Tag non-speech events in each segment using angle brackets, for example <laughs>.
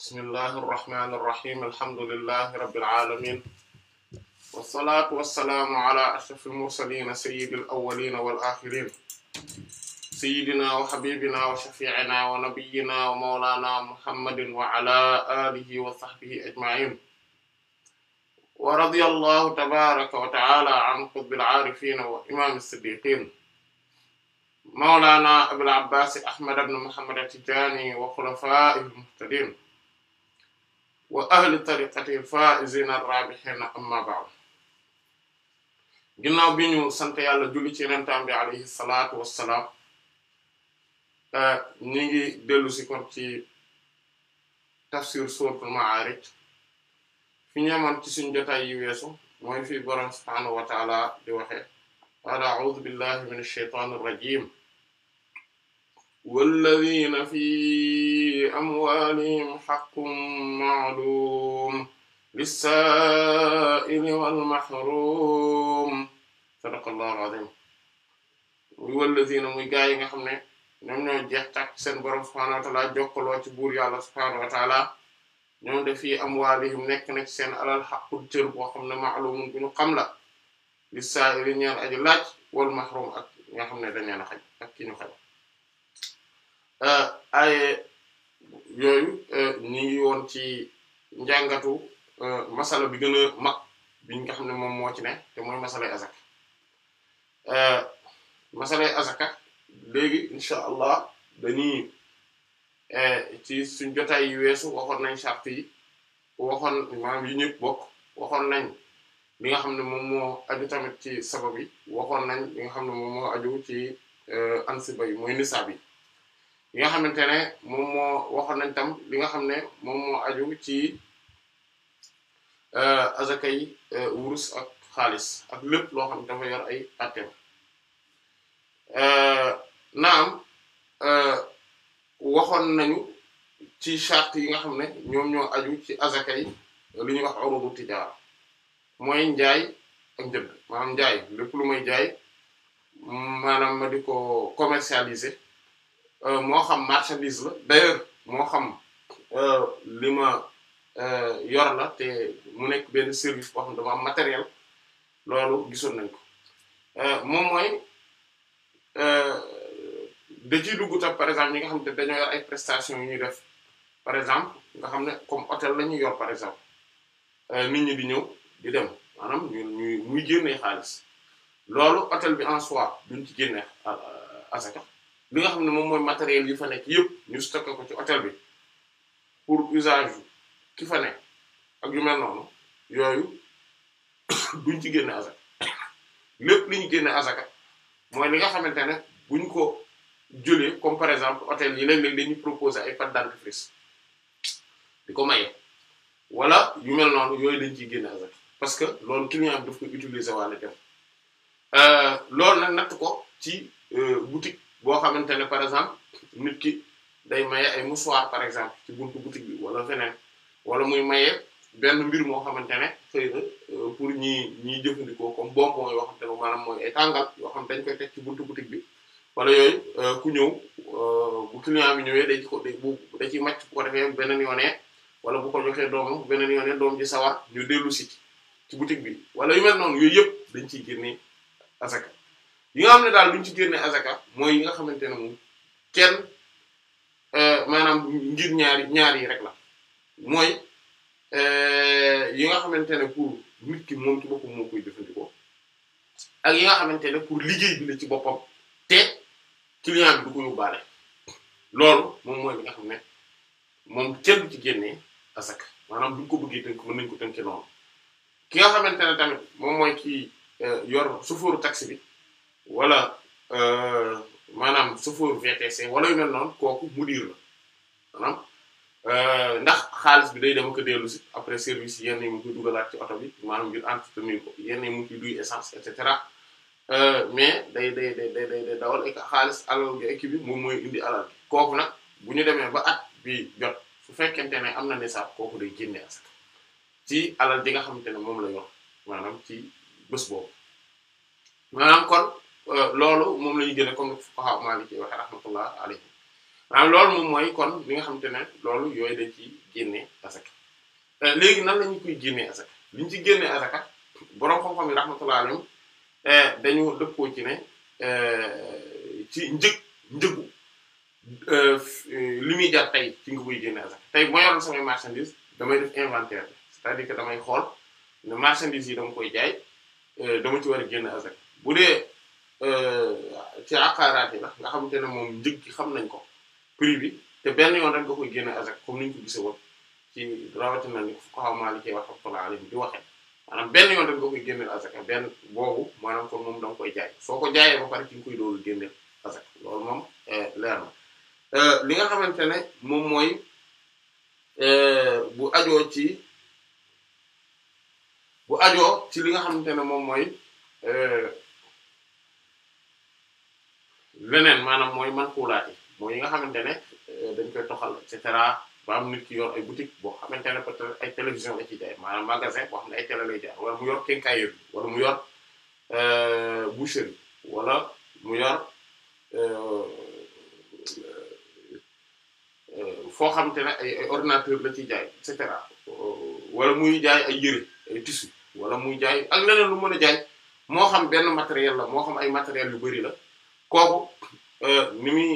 bismillahi irrahmani irrahim alhamdulillahi rabbil alamin wassalatu wassalaamu ala ashraf almursalina sayidi al awalina wal axirin sayidina wa xabibina wa shafiina wa nabiyina wa maulana muhammadin wa ala alihi wa sahbihi ajmain wa radiya allahu tabaraka wa taala an qutbil aarifina wa imam siddiqin maulana abil abbas ahmad ibn muhammad at-tijani wa xulafaihi al muhtadin wa ahli tariqati faa'izina raabihina amma ba'd ginnaaw bi ñu sant yàlla julli ci yenentaan bi alayhi salaatu wassalaam eh, si kon ci tafsir suratul ma'aarij fi ñeemoon ci suñu jotaay yi weesu mooy fi borom subhaanahu wa ta'aala di waxe qaala a'uudu billahi minash shaytaanir rajiim walladina fi amwalihim haqqun ma'lum lis-sa'ili wal mahrum sadaqallahu al-azim muy walladina muy gaa yi nga xam ne ñoom ñoo jeex tàkk seen borom subhaanahu wa ta'ala jokkaloo ci buur yàlla subhaanahu wa ta'ala ñoom de fi amwalihim nekk na ci seen alal haqqul cër boo xam ne ma'lumun bu ñu xam saili ñeel aji laaj wal mahrum ak nga xam ne dañ leen a xaj ak ki xaj Euh, aye yooyu euh, ñu ngi woon ci njàngatu euh, masala bi gën a mag nga xam ne moom moo ci ne te mooy masala azak masala azaka léegi incha allah dañuy ci suñ jotaay yi weesu waxoon nañ charte yi waxoon maanaam bokk waxoon nañ li nga xam ne moom moo aju tamit ci sabab yi waxoon nañ li nga xam ne moom moo aju ci ansiba yi mooy nisaab yi yi nga xamante ne moom moo waxoon nañ tam li nga xam ne moom moo aju ci euh, azakay euh, wurus ak xaalis ak lépp loo xam ne dafa yor ay atem euh, naam waxoon nañu ci charte yi nga xam ne ñoom ñoo aju ci azakay lu ñuy wax urudu tijaara mooy njaay ak njënd maanaam njaay lépp lu may jaay maanaam ma di Euh, moo xam marchandise la d'ailleurs moo xam euh, li ma euh, yor la te mu nekk benn service boo xam dama am matériel loolu gisoon nañ ko moom mooy da ci dugg tam par exemple ñi nga xam ne dañoo yor ay prestation yu ñuy def par exemple nga xam ne comme hôtel lañuy yor par exemple nit ñi di ñëw di dem maanaam ñu muy génnee xaalis loolu hôtel bi en soi duñ ci génne asaka li nga xam ne moom mooy matériel yi fa nekk yëpp ñu stocké ko ci hôtel bi pour usage ki fa nekk ak yu mel noonu yooyu <coughs> duñ ci génne azaka <coughs> lépp li ñu génne azaka mooy li nga xamante ne buñ ko jëlee comme par exemple hôtel yi léeg-léeg dañuy proposer ay pâte dentifrice di ko maye wala yu mel noonu yooyu lañ ciy génne azaka parce que loolu client bi daf ko euh, loolu nag natt ko ci euh, boutique. boo xamante ne par exemple nit ki day maye ay mouchoir par exemple ci buntu boutique bi wala feneen wala muy maye benn mbir moo xamante ne xëy na euh, pour ñi ñiy jëfandikoo comme bonbon yoo xamante ne maanaam mooy ay tàngal yoo xam dañ koy teg ci buntu boutique bi wala yooyu euh, ku ñëw euh, bu client bi ñëwee day ko day bu da ciy màcc bu ko defee beneen yoonee wala bu ko joxee doomam beneen yoonee doom ji sawar ñu dellu si ci boutique bi wala yu mel noonu yooyu yëpp dañ ciy génne asaka. yi nga xam ne daal duñ ci génne azaka mooy yi nga xamante ne moom kenn euh, maanaam ngir ñaari ñaar yi rek la mooy euh, yi nga xamante ne pour nit ki moom ci boppam moo koy jëfandikoo ak yi nga xamante ne pour liggéey bi la ci boppam te client bi du ko yóbbaale loolu moom mooy li nga xam ne moom kenn du ci génnee xamante ne tamit moom mooy ki euh, yor chauffeur taxi bi wala euh, maanaam chauffeur VTC wala yu mel noonu kooku mudir la maanaam euh, ndax xaalis bi day dem ko dellu si après service yenn yi mu koy dugalaat ci oto bi maanaam ngir entretenir ko yenn yi mu koy duy essence et euh, mais day day day day day dawal xaalis alal gi bi moom mooy indi alal bi kooku nag bu ñu demee ba at bi jot su fekkente ne am na nisaab kooku day génne asak ci alal ji nga xamante ne moom la yor maanaam ci bés boobu maanaam kon. Euh, loolu moom la ñu jëlee comme fuqaha maliki waxe rahmatullah alayhi maanaam loolu moom mooy kon li nga xamante ne loolu yooyu dañ ci génnee asaka euh, léegi nan la ñu koy génnee asaka li ci génnee asaka boroom xam-xam yi rahmatullah alayhim euh, dañu ci ne ci muy jar tey ci nga koy génnee asaka tey bu samay marchandise damay def inventaire bi c'est-à-dire que damay xool ne marchandise yi dama koy jaay dama ci war a génne asaka bu dee ci aqaaraat yi la nga xamante ne moom njëg gi xam nañ ko prix bi te benn yoon rek nga koy génne azak comme ni ñu ko gisee woon ci rawatina ni fuqaha Maliki rahmatullahi alayhim di waxee maanaam benn yoon rek nga koy génneel azak benn boobu maanaam kon moom da nga koy jaay soo ko jaayee ba pare ci nga koy doolu génneel azak loolu moom eh, leer na eh, li nga xamante ne moom mooy eh, bu ajoo ci bu ajoo ci li nga xamante ne moom mooy leneen maanaam mooy man kuulaati mooy yi nga xamante ne euh, dañ koy toxal et cetera ba am ki yor ay boutique boo xamante ne peut-être ay télévision la ci jaay maanaam magasin boo xam ne ay télé lay jaay wala mu yor quincaillerie wala mu yor euh, boucherie wala mu yor euh, foo xamante ne ay ay ordinateur la ciy jaay et cetera wala muy jaay ay yëre ay tissu wala muy jaay ak leneen lu mën a jaay moo xam benn matériel la moo xam ay matériel yu bari la kooku euh, ni muy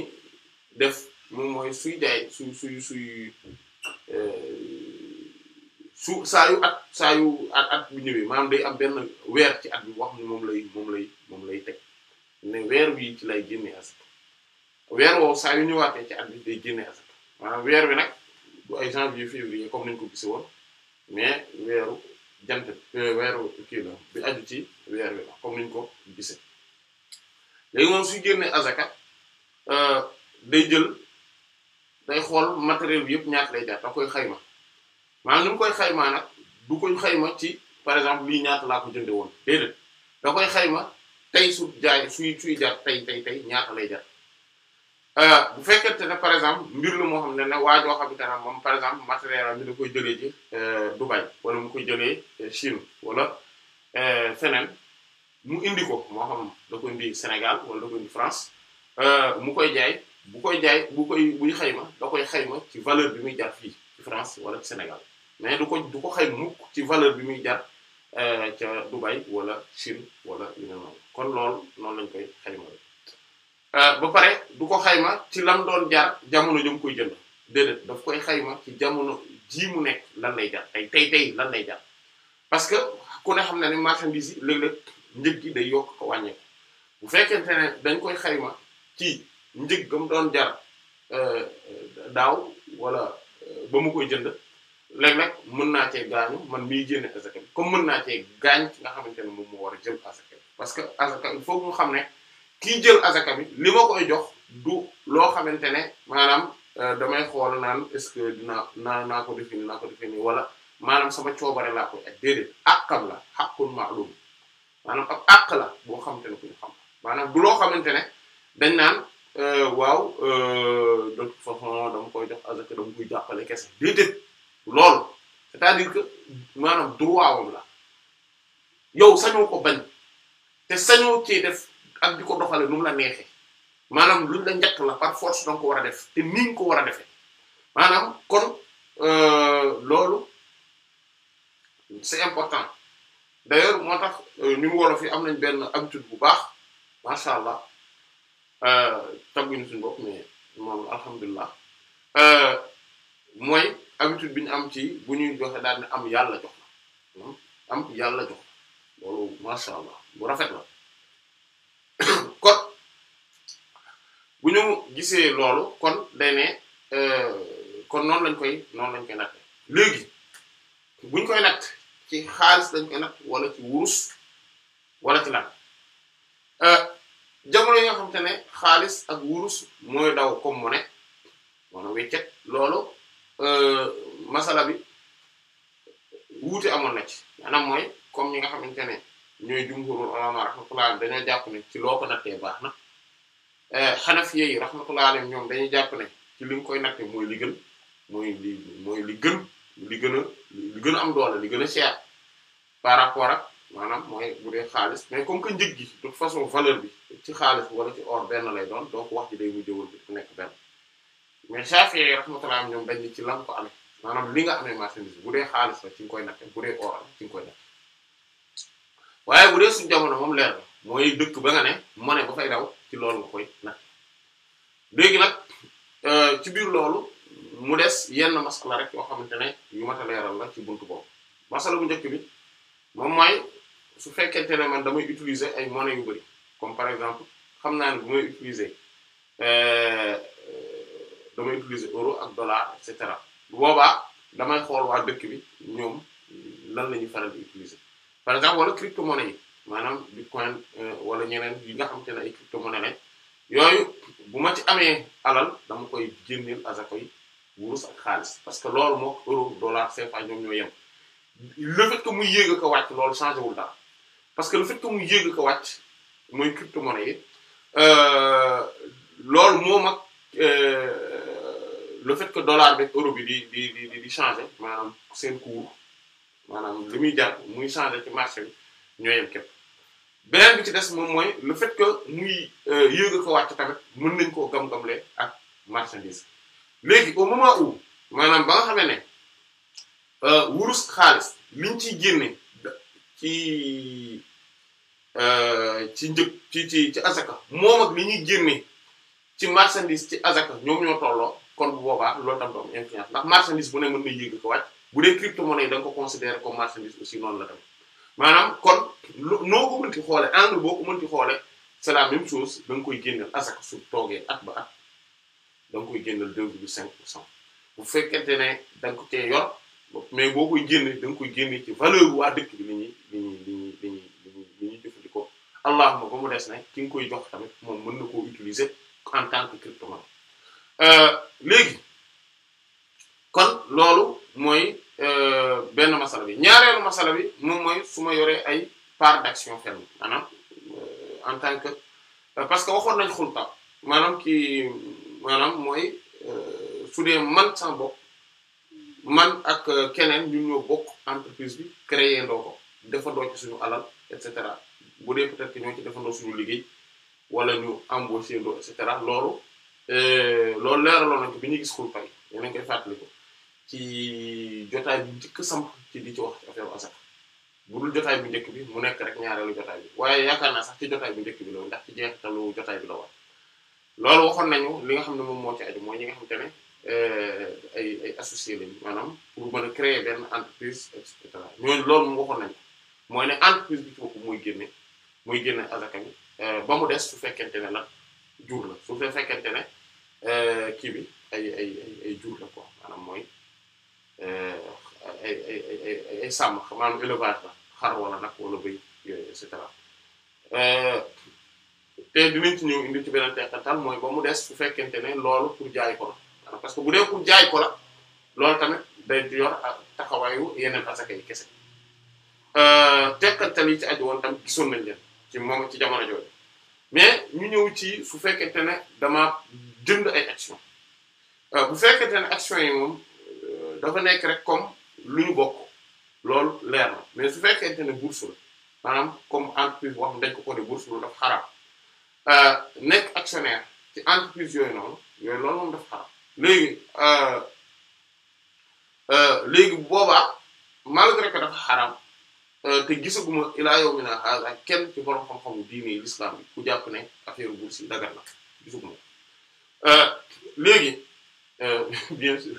def moom mooy suy jaay suy suy suy euh, su at saa yu at at bu ñëwee maanaam day am benn weer ci at bi wax moom lay moom lay moom lay teg ne weer wi ci lay génne asaka weer woowu saa yu ñëwaatee ci at bi day génne asaka maanaam weer wi nag du ay janvier février comme nañu ko gise woon mais weeru jant euh, weeru kii la bi aju ci weer wi comme nañu ko gise léegi moom suy génnee azaka euh, day jël day xool matériel bi yëpp ñaata lay jar da koy xayma maa ni mu koy xaymaa nag du koy xayma ci par exemple lii ñaata laa ko jënde woon déedéet da koy xayma tey su jaay suy suy jar tey tey tey ñaata lay jar euh, bu fekkente ne par exemple mbir lu moo xam ne ne waa joo xamante ne moom par exemple matériel bi da koy jëlee ji euh, Dubaï wala mu koy jëlee Chine wala feneen mu indi ko moo xam da ko indi Sénégal wala da ko indi France euh, mu koy jaay bu koy jaay bu koy buy xayma da koy xayma ci valeur bi muy jaar fii France wala Sénégal mais du ko du ko xayma ci valeur bi muy jar euh, ca Dubai wala Chine wala yu mel noonu kon loolu noonu lañ koy xayma euh, ba pare du ko xayma ci lan doon jaar jamono jëm koy jënd déedéet daf koy xayma ci jamono jii mu nekk lan lay jar tey tey tey lan lay jar parce que ku ne xam na ne marchandise yi léeg njëg gi day yokk ko wàññi bu fekkente ne dañ koy xayma ci njëg gam doon jar euh, daaw wala euh, ba mu koy jënd léeg-léeg mën naa cee gaañu man mii génne asaka bi comme mën naa cee gaañ ci nga xamante ne moom moo war a jël asaka bi parce que asaka il xam ne kii jël asaka bi li ma koy jox du loo xamante ne maanaam euh, damay xool naan est-ce que dinaa naa naa ko defini naa ko defini wala maanaam sama coobare laa koy ak déedéet àqam la haqqul ma'lum maanaam ab àq la boo xamante ne ku xam maanaam du loo xamante ne dañ naan euh, waaw euh, de toute façon koy def azaka dama koy jàppale kese déedéet loolu c'est-à-dire que maanaam droit wam la yow sañoo ko bañ te sañoo ci def ak di ko doxale nu mu la neexee maanaam lu la njëkk la par force danga ko war a def te ni nga ko war a defee maanaam kon euh, loolu c'est important d'ailleurs moo tax euh, ñun wolof am nañ benn habitude bu baax macha allah euh, tagguñu suñu bopp mais moom alhamdulilah euh, mooy habitude biñ am ci bu ñuy joxe daal ne am yàlla jox la hmm? am yàlla jox la loolu macha allah bu rafet la <coughs> kon bu ñu gisee loolu kon day ne kon noonu lañ koy noonu lañ koy natt léegi buñ koy natt. ci xaalis lañ koy natt wala ci wurus wala ci lan euh, jamono yi nga xamante ne xaalis ak wurus moy daw comme monnaie wala weccet loolu euh, masala bi wuute amoon na ci anam mooy comme ñi nga xamante ne ñooy jumhurul ulama rahmatullah alayhim dañoo jàpp ne ci loo ko nattee baax na Hanafi euh, yi rahmatullah alayhim ñoom dañuy jàpp ne ci li nga koy nattee mooy li gën mooy li mooy am doole li gën a cher par rapport ak maanaam mooy bu dee xaalis mais comme que njëg gi de façon valeur bi ci xaalis wala ci or benn lay doon donc wax ji day mujj wër bi nekk benn mais Shafi'i rahmatullah ñoom dañ ci lan ko maanaam li nga amee marchandise bu dee xaalis la ci nga koy natte bu dee or la ci nga koy natte waaye bu dee suñu jamono moom leer la mooy dëkk ba nga ne ne ba fay daw ci loolu nga koy natte léegi nag euh, ci biir loolu mu des yenn masala rek yoo xamante ne yu mat a leeral la ci buntu boobu masala bu njëkk moom mooy su fekkente ne man damay utiliser ay monnaie yu bari comme par exemple xam naa ne bu may utiliser euh, damay utiliser euro ak dollar et cetera bu boobaa damay xool waa dëkk bi ñoom lan la ñuy faral di utiliser par exemple wala crypto-monnaie yi maanaam bitcoin euh, wala ñeneen yi nga xam te ne ay crypto-monnaie lañ yooyu bu ma ci amee alal dama koy génneel asako yi wurus ak xaalis parce que loolu mook euro dollar CFA ñoom ñoo yem. le fait muy yéeg a ko wàcc loolu changé wul dara parce que le ko muy yéeg a ko wàcc mooy crypto-monnaie yi euh, loolu moom ak euh, le fait que dollar bi euro bi di di changer maanaam seen cours maanaam li muy jar muy changer ci marché bi ñoo képp beneen bi ci des moom mooy le fait que muy euh, yéeg a ko wàcc tamit mën nañ koo gam-gamle ak marchandise léegi au moment où maanaam ba nga xamee ne Euh, wurus xaalis liñ ciy génne ci euh, ci njëg ci ci ci azaka moo ak li ñuy génne ci marchandise ci azaka ñoom ñoo tolloo kon bu boobaa loolu tam doom influence ndax marchandise bu ne mën na yéeg ko wàcc bu dee crypto-monnaie da nga ko considérer comme marchandise aussi noon la tamit maanaam kon noo ko mënti xoole angle boo ko mënti xoole c'est la même chose da nga koy génneel azaka su toogee at ba at da nga koy génneel deux virgule cinq pour cent bu fekkente ne da mais boo koy génne da nga koy génne ci valeur waa dëkk bi li ñuy li ñuy li ñuy li ñuy li ñuy allahuma ba mu des nag ki nga koy jox tamit moom mën na koo utiliser en tant que cryptomonnaie euh, léegi kon loolu mooy euh, benn masala bi ñaareelu masala bi moom mooy su ma yoree ay part d'action ferme maanaam euh, en tant que parce que waxoon nañ xulta maanaam ki maanaam mooy su dee man sama bopp man ak euh, keneen ñu ñoo bokk entreprise bi créé ndoo ko defandoo ci suñu alal et cetera bu dee peut-être que ñoo ci defandoo suñu liggéey wala ñu embauché ndoo et cetera loolu euh, loolu leeraloon nañ bi ñuy gis xul pay yéen a ngi koy ci jotaay bi njëkk samp di ci wax ci affaire asaka bi mu nekk rek ñaareelu jotaay bi waaye yaakaar naa sax ci jotaay bu njëkk bi la ndax ci jeexitalu jotaay bi la war loolu waxoon nañu li nga xam ne moom moo ci aju mooy ñi nga xamante ne Eh, ay ay associé lañu maanaam pour mën a créer benn entreprise et cetera ñooñu loolu mu waxoon nañu mooy ne entreprise bi ci bopp mooy génne mooy génne azaka eh, ba mu des su fekkente ne nag jur la su fekkente ne eh, kii bi ay ay ay jur la quoi maanaam mooy ay ay ay ay sàmm maanaam élevage la xar wala nag wala bëy yooyu et te dinañ ci ñëw indi ci beneen mooy ba mu des su fekkente ne loolu pour jaay ko la parce que bu dee pour jaay ko la loolu tamit day yor ak taxawaayu yeneen asaka yi kese euh, tekkantal yi ci aju woon tamit gisoon nañ leen ci moom ci jamono jooju mais ñu ñëw ci su fekkente ne dama jënd ay action euh, bu fekkente ne action yi moom euh, dafa nekk rek comme lu ñu bokk loolu leer na mais su fekkente ne bourse la maanaam comme entreprise boo xam dañ ko ko de bourse lu dafa xaraam nekk actionnaire ci entreprise yooyu noonu yooyu loolu moom dafa xaraam léegi euh, euh, léegi boobaa malgré que dafa xaram euh, te gisaguma ilaa yawmina haaza kenn ci borom xam-xamu diine l'islam bi ku jàpp ne affaire bourse yi dagar na gisaguma léegi <laughs> bien sûr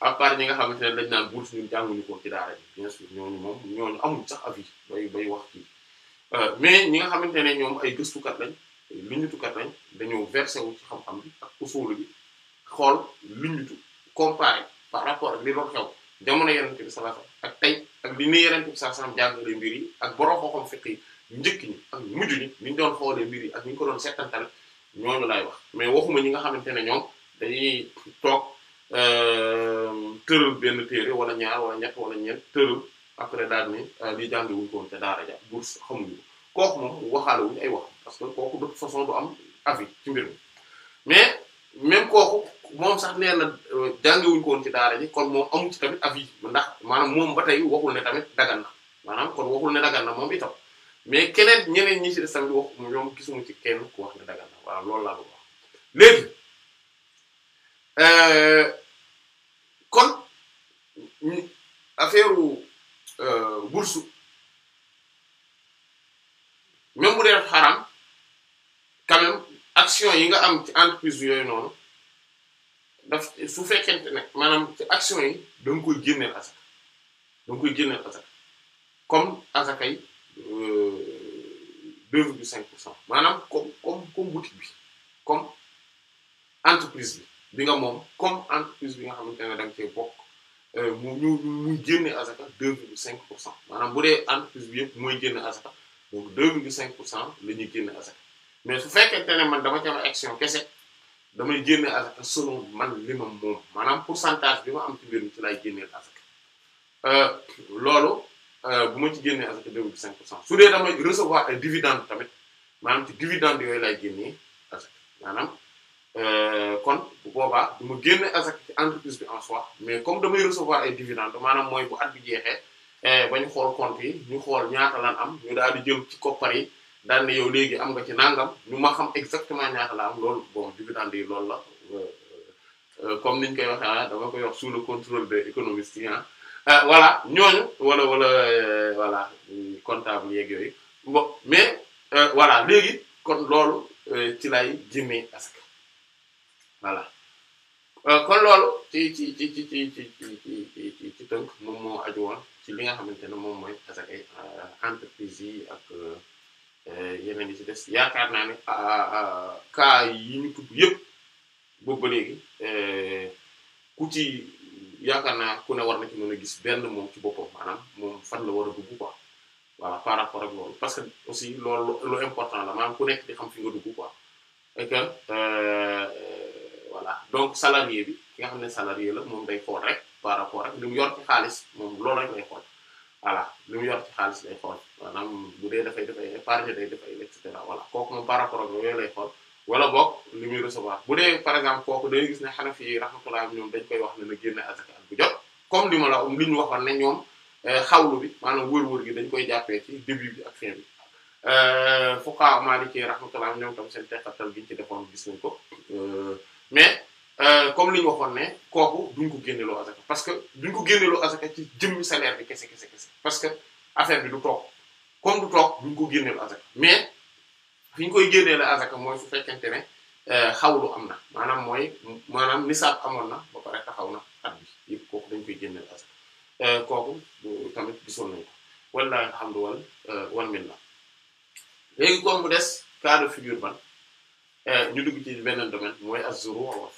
à ñi nga xamante ne dañ naan bourse ñun jànguñu ko ci daara ji bien sûr ñooñu moom ñooñu amul sax avis bay bay wax kii mais ñi nga xamante ne ñoom ay gëstukat lañ ay luñutukat lañ dañoo versé ci xam-xam bi ak usul bi xool luñutu comparé par rapport ak li doon xew jamono yenente bi sallallahu alayhi wasallam ak tey ak li ni yenente bi sallallahu alayhi wasallam jàngale mbir yi ak borom xam fiq yi njëkk ñi ak mujj ñi ñu doon xoolee mbir yi ak ñu ko doon settantal ñooñu lay wax mais waxuma ñi nga xamante ne ñoom dañuy toog euh, tëral benn téere wala ñaar wala ñett wala ñeent tëral après daal ni euh, lii jàngi wuñ ko woon te daara ja bur xamuñu kooku moom waxaale wuñu ay wax parce que kooku de façon du am avis ci mbir mais même kooku moom sax nee na euh, jàngewuñu ko ci daara kon moom amu ci tamit avis ndax maanaam moom ba tey waxul ne tamit dagan na maanaam kon waxul ne dagan na moom itam mais keneen ñeneen ñi ci des tamit wax ñoom gisuma ci kenn ku wax ne dagan na waaw lool laa ko wax léegi euh, kon affaire euh, bourse même bu dee xaram quand action yi nga am ci entreprise yooyu noonu daf su fekkente ne maanaam ci action yi da nga koy génneel asaka da koy génneel asaka comme asaka yi euh, deux virgule cinq pour cent maanaam comme comme comme bi comme entreprise bi bi nga moom comme entreprise bi nga xamante ne da nga cee bokk euh, mu ñu muy génne asaka deux virgule cinq pour cent maanaam bu dee entreprise bi yëpp mooy génne asaka donc deux virgule cinq pour cent la ñuy génne mais su fekkente ne man dama ci am action kese damay génne asaka selon man li ma moom maanaam pourcentage bi ma am ci biir mi ci laay génneel asaka euh, loolu euh, bu ma ci génnee asaka deux virgule cinq pour cent su dee damay recevoir ay dividende tamit maanaam ci dividende yooyu laay génnee asaka maanaam euh, kon bu boobaa du ma génne asaka ci entreprise bi en soi mais comme damay recevoir ay dividende maanaam mooy bu at bi jeexee eh, ba ñu xool compte yi ñu xool ñaata lan am ñu daal di jël ci koppar yi daan ne yow léegi am nga ci nangam ñu ma xam exactement ñaata la am loolu bon dividende lool la comme niñ koy waxee a dama koy wax sous le contrôle des économistes yi wala ñooñu wala wala voilà comptable yeeg yooyu bon mais voilà léegi kon loolu ci lay jëmee ask voilà kon loolu ci ci ci ci ci ci moo aju woon ci li nga xamante ne moom mooy asakay entreprise yi Eh, yeneen yi ci des yaakaar naa ne ah, ah, ah, cas yi ñu tudd yëpp boobu ba léegi eh, ku ci yaakaar naa ku ne war na ci mën a gis benn moom ci boppam maanaam moom fan la war a dugg quoi voilà par rapport ak loolu parce que aussi loolu lu important la maanaam ku nekk di xam fi nga dugg quoi et que euh, donc salarié bi ki nga xam ne salarié la moom day xool rek par rapport ak li mu yor ci xaalis moom loolu rek lay xool voilà li mu yor ci xaalis lay xool. maanaam bu dee dafay def ay épargne day def ay et cetera voilà kooku moom par rapport ak yooyu lay xool wala boog li muy recevoir bu dee par exemple kooku day gis ne xanafi yi rahmatullah ñoom dañ koy wax ne na génne azaka bu jot comme li ma li ñu waxoon ne ñoom euh, xawlu bi maanaam wër-wër gi dañ koy jàppee ci début bi ak fin bi euh, fuqaha maliki rahmatullah ñoom tam seen teqatal gi ñu ci defoon gis nañ ko euh, mais comme li waxoon ne kooku duñ ko génneloo azaka parce que duñ ko génneloo azaka ci jëmmi salaire bi kese kese kese parce que affaire bi du toog comme du toog duñ ko génneel azaka mais fi ñu koy génneel azaka mooy su fekkente ne euh, xawlu am na maanaam mooy maanaam nisaab amoon na ba pare taxaw na at bi yëpp kooku dañ koy génneel azaka euh, kooku tamit gisoon nañ ko wallaahi alhamdulilah euh, wan bu des cas de figure ban ñu dugg ci beneen mooy az-zuru'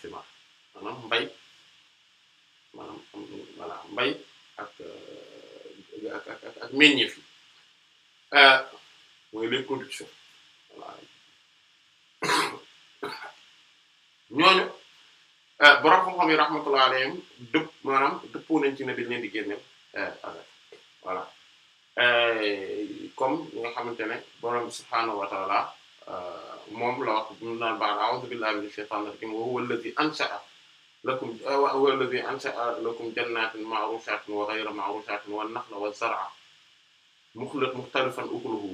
mbay ak ak ak Euh, mooy les conditions voilà <coughs> ñooñu euh, borom xam-xam yi rahmatullah alayhim dëpp maanaam dëppoo nañ ci ne dañ leen di génneel euh, azaka voilà comme nga xamante ne borom subhaanahu wa taala moom la wax mu naan baax a'uuzu billahi minash shaytaanir rajiim wa huwa alladhii ansha'a lakum wa huwa alladhii ansha'a lakum jannaatin ma'ruushatin wa ghayra ma'ruushatin wan naxla muxla muxtalifan ukuluhu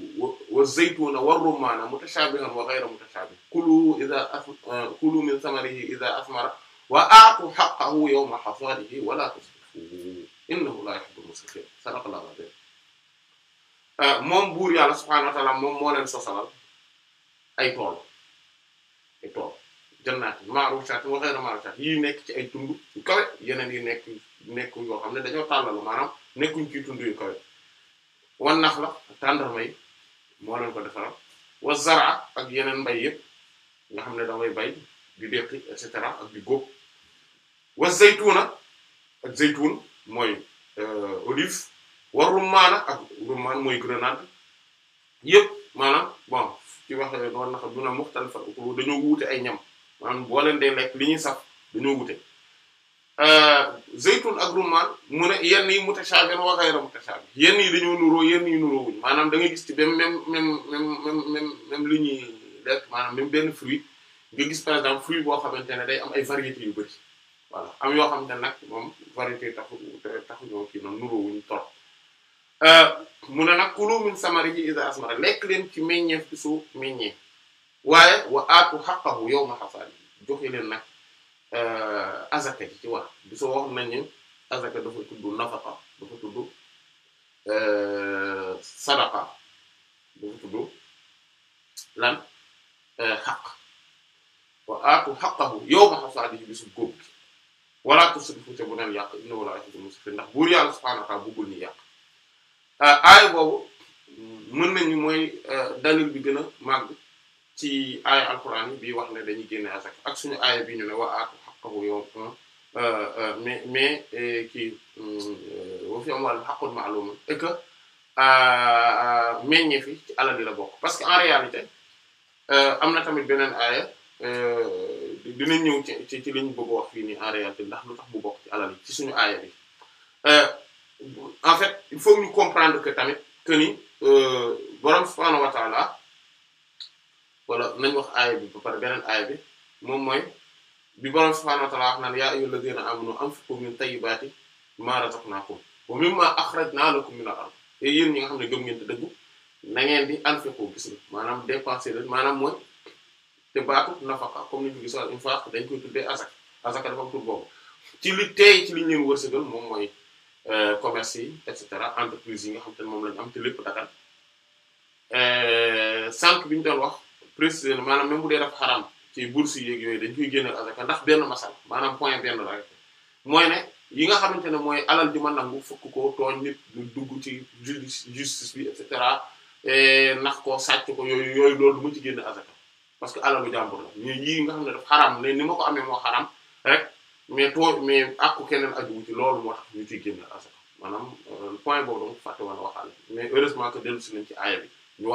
wa zaytuna wa rummaana mutashaabihan wa ghayra mutashaabihin kulu idha kulu min samarihi idha asmara wa aatu haqqahu yawma hasaadihi wa laa tusrifu innahu laa yuhibbul musrifin sadaqallahu al-azim moom buur yàlla subhaanahu wa ta'aala moom moo leen sosalal ay tool ay tool jannaati ma'ruusaati wa ghayra ma'ruusaati yii nekk ci ay tund yu kawe yeneen yi nekk nekk yoo xam ne dañoo tàllalu maanaam nekkuñ ci tund yu kawe wan nax la tàndarma yi moo leen wa zara ak yeneen mbay yëpp nga xam ne damay bay di deqi et cetera ak di góob wa zaytuna ak zaytun mooy euh, olive wa rummaana ak rummaan mooy grenade yëpp maanaam bon ci wax doon na xam duna muxtalifa dañoo wuute ay ñam maanaam boo leen dee lekk li ñuy saf dañoo wuute Euh, zaytun ak rummaan mu ne yenn yi mutashabihan wa ghayru mutashabih yenn yi dañoo nuroo yenn yi nuroo wuñ maanaam da nga gis ci même même même même même même li lekk maanaam même benn fruit nga gis par exemple fruit boo xamante ne day am ay variétés yu bari voilà am yoo xamante ne nag moom variété taxu taxu ñoo kii noonu nuroo wuñ trop euh, mu ne nag kulu min samarihi iza asmara lekk leen ci meññeef ci su meññee waaye wa aatu haqqahu yawma hasaadihi joxe leen Euh, azaka ji ci wax bi soo wax nañ ne azaka dafa tudd nafaqa dafa tudd euh, sadaqa dafa tudd lan euh, xaq wa aatu xaqahu yawma hasaadihi bisu góob gi wala tusrifu te bu neen yàq ndax buur yàlla subhaanahu wa ta'aala bëggul ni yàq aaya boobu mën nañu mooy dalil bi gën a màgg ci aaya alquran yi wax ne dañuy génne azaka ak suñu aaya bi ñu ne wa aatu haqqahu yow mais mais kii wa fi amwaalihim haqqun ma'luum que meññeef yi ci alal yi la bokk parce que en réalité am na tamit beneen aaya dina ñëw ci ci ci liñ bëgg wax fii nii en réalité ndax lu tax bu bokk ci alal ci suñu aaya bi en fait il faut ñu comprendre que tamit que ni borom subhaanahu wa wala nañu wax aaya bi pare beneen aaya bi moom mooy. bi borom subhaanahu wa ta'aala naan yaa ayyuhal la aamanu am min tayyibaati maa razaqnaakum wa mimmaa a lakum min naa ard te yéen ñi nga xam ne gëm ngeen te dëggu na ngeen di anfiqu gis nga maanaam maanaam mooy te baatu nafaqa comme ni ñu gis al infaq dañ koy tuddee azak azaka boobu ci li tey ci li ñu leen moom mooy euh, commerce yi et cetera entreprise yi nga xam te ne moom lañ am te lépp dagal euh, sànq bi ñu doon wax précisément maanaam même bu dee dafa xaraam. ci bourse yeeg yooyu dañ koy génneel azaka ndax benn masal maanaam point benn la rek mooy ne yi nga xamante ne mooy alal di ma nangu fukk ko tooñ nit du dugg ci justice bi et cetera e, nax ko sàcc ko yooyu yooyu loolu du ci génn azaka parce que alalu jàmbur la mais yii nga xam ne daf xaram ne ni ma ko amee moo xaram rek mais too mais àqu keneen aju ci loolu moo tax ñu ci génn azaka maanaam euh, point boobu dama fàtte woon waxaale mais heureusement que dellusi nañ ci aaya bi ñu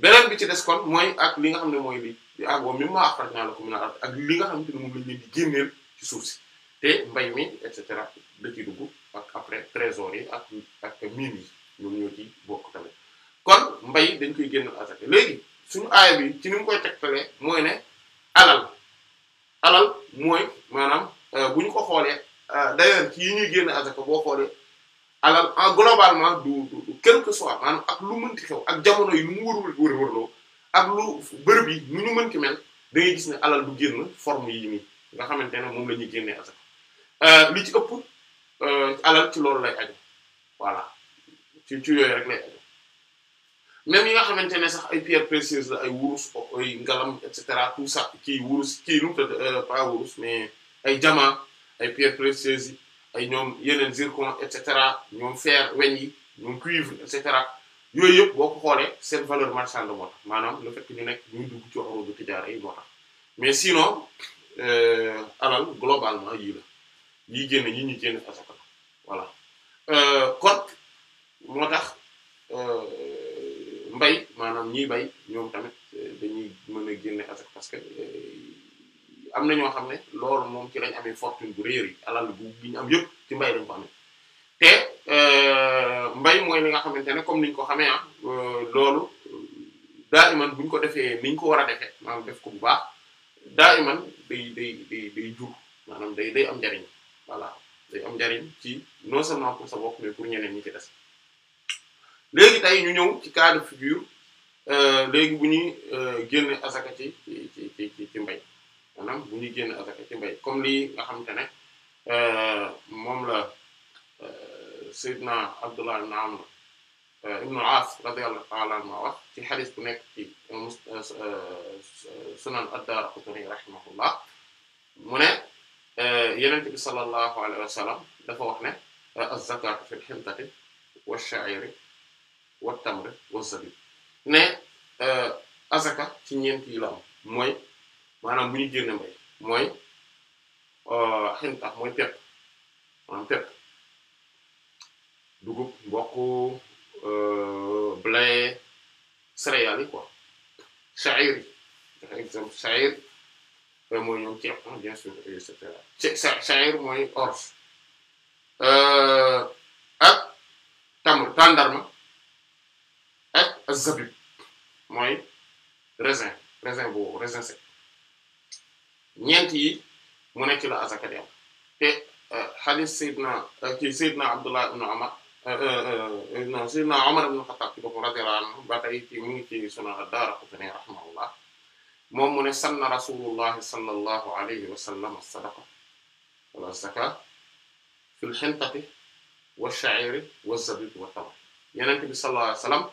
beneen bi ci des kon mooy ak li nga xam ne mooy li di ak boobu mimma akhrajna lakum minal ard ak li nga xamante ne moom lañ leen di génneel ci suuf si te mbay mi et cetera da ciy dugg ak après trésor yi ak ak mine yi ñoom ñoo ci bokk tamit kon mbay dañ koy génneel asaka léegi suñu aaya bi ci ni mu koy tegtalee mooy ne alal alal mooy maanaam euh, bu ñu ko xoolee euh, d'ailleurs ci yi ñuy génne asaka boo xoolee alal en globalement du quel que soit maanaam ak lu mënti xew ak jamono yi nu mu wër wër wërloo ak lu bërëb yi nu ñu mënti mel da ngay gis ne alal du génn forme yi nii nga xamante ne moom la ñuy génnee asaka euh, li ci ëpp euh, alal ci loolu lay aju voilà ci ci yooyu rek lay aju même yi nga xamante ne sax ay pierres précieuses la ay wurus ay ngalam et cetera tout ça kii wurus kii lu euh, pas wurus mais ay diamant ay pierres précieuses yi ay ñoom yeneen zircon et cetera ñoom fer weñ yi. ñoom cuivre et cetera yooyu yëpp boo ko xoolee seen valeur marchande moo tax maanaam le fait que ñu nekk ñu dugg ci oru bu tijaara yi moo tax mais sinon euh, alal globalement yii la yii génn ñu génn asaka voilà euh, kon moo euh, mbay maanaam ñiy bay ñoom tamit dañuy mën a génne asaka parce que am na ñoo xam ne loolu moom ci lañ amee fortune bu réer yi alal bu gi am yëpp ci mbay lañ ko amee te euh, mbay mooy li nga xamante ne comme niñ ko xamee ah euh, loolu daa iman buñ ko defee niñ ko war a defee maanaam def ko bu baax daa iman day day day day jur maanaam day day am jariñ voilà day am njariñ ci non seulement pour sa bopp mais pour ñi ci des léegi tey ñu ñëw ci ka de figure euh, léegi bu ñuy génne asaka ci ci ci ci ci mbay maanaam bu ñuy génne ci mbay comme lii nga xamante ne moom la Seydina Abdullah ibn Amr euh, ibn al-As radiyallahu ta'ala anhu wax ci xadis bu nekk ci euh, euh, sunan ad-Daraqutni rahimahullah mu ne Yonent bi sallallahu alayhi wa sallam dafa wax ne az-zakatu fil hintati wash-sha'iri wat-tamri waz-zabib ne azaka ci ñeenti yi la am mooy maanaam bu ñu génne mbay mooy xinta mooy pepp maanaam pepp dugub mboq euh, blé céréales ko quoi exemple sha'ir euh, mooy ñoom ceeb bien mooy orge euh, ak tamr mooy raisin raisin boobu raisin sec ñeent yi mu nekk ci la azaka am te hadith Seydina ci Seydina Abdullah ibn Umar Eh, eh, eh, sayyidina Umar ibn Khattab ci boppam radiyallahu anhu ba tey ci mu ngi ci Sunan ad-Daraqutni rahimahullah moom mu ne sanna rasulullahi sallallahu alayhi wa sallam as-sadaqa wala zaka fil xintati wa sha'iri wa zabib wa tama Yonent bi sallallahu alayhi wa sallam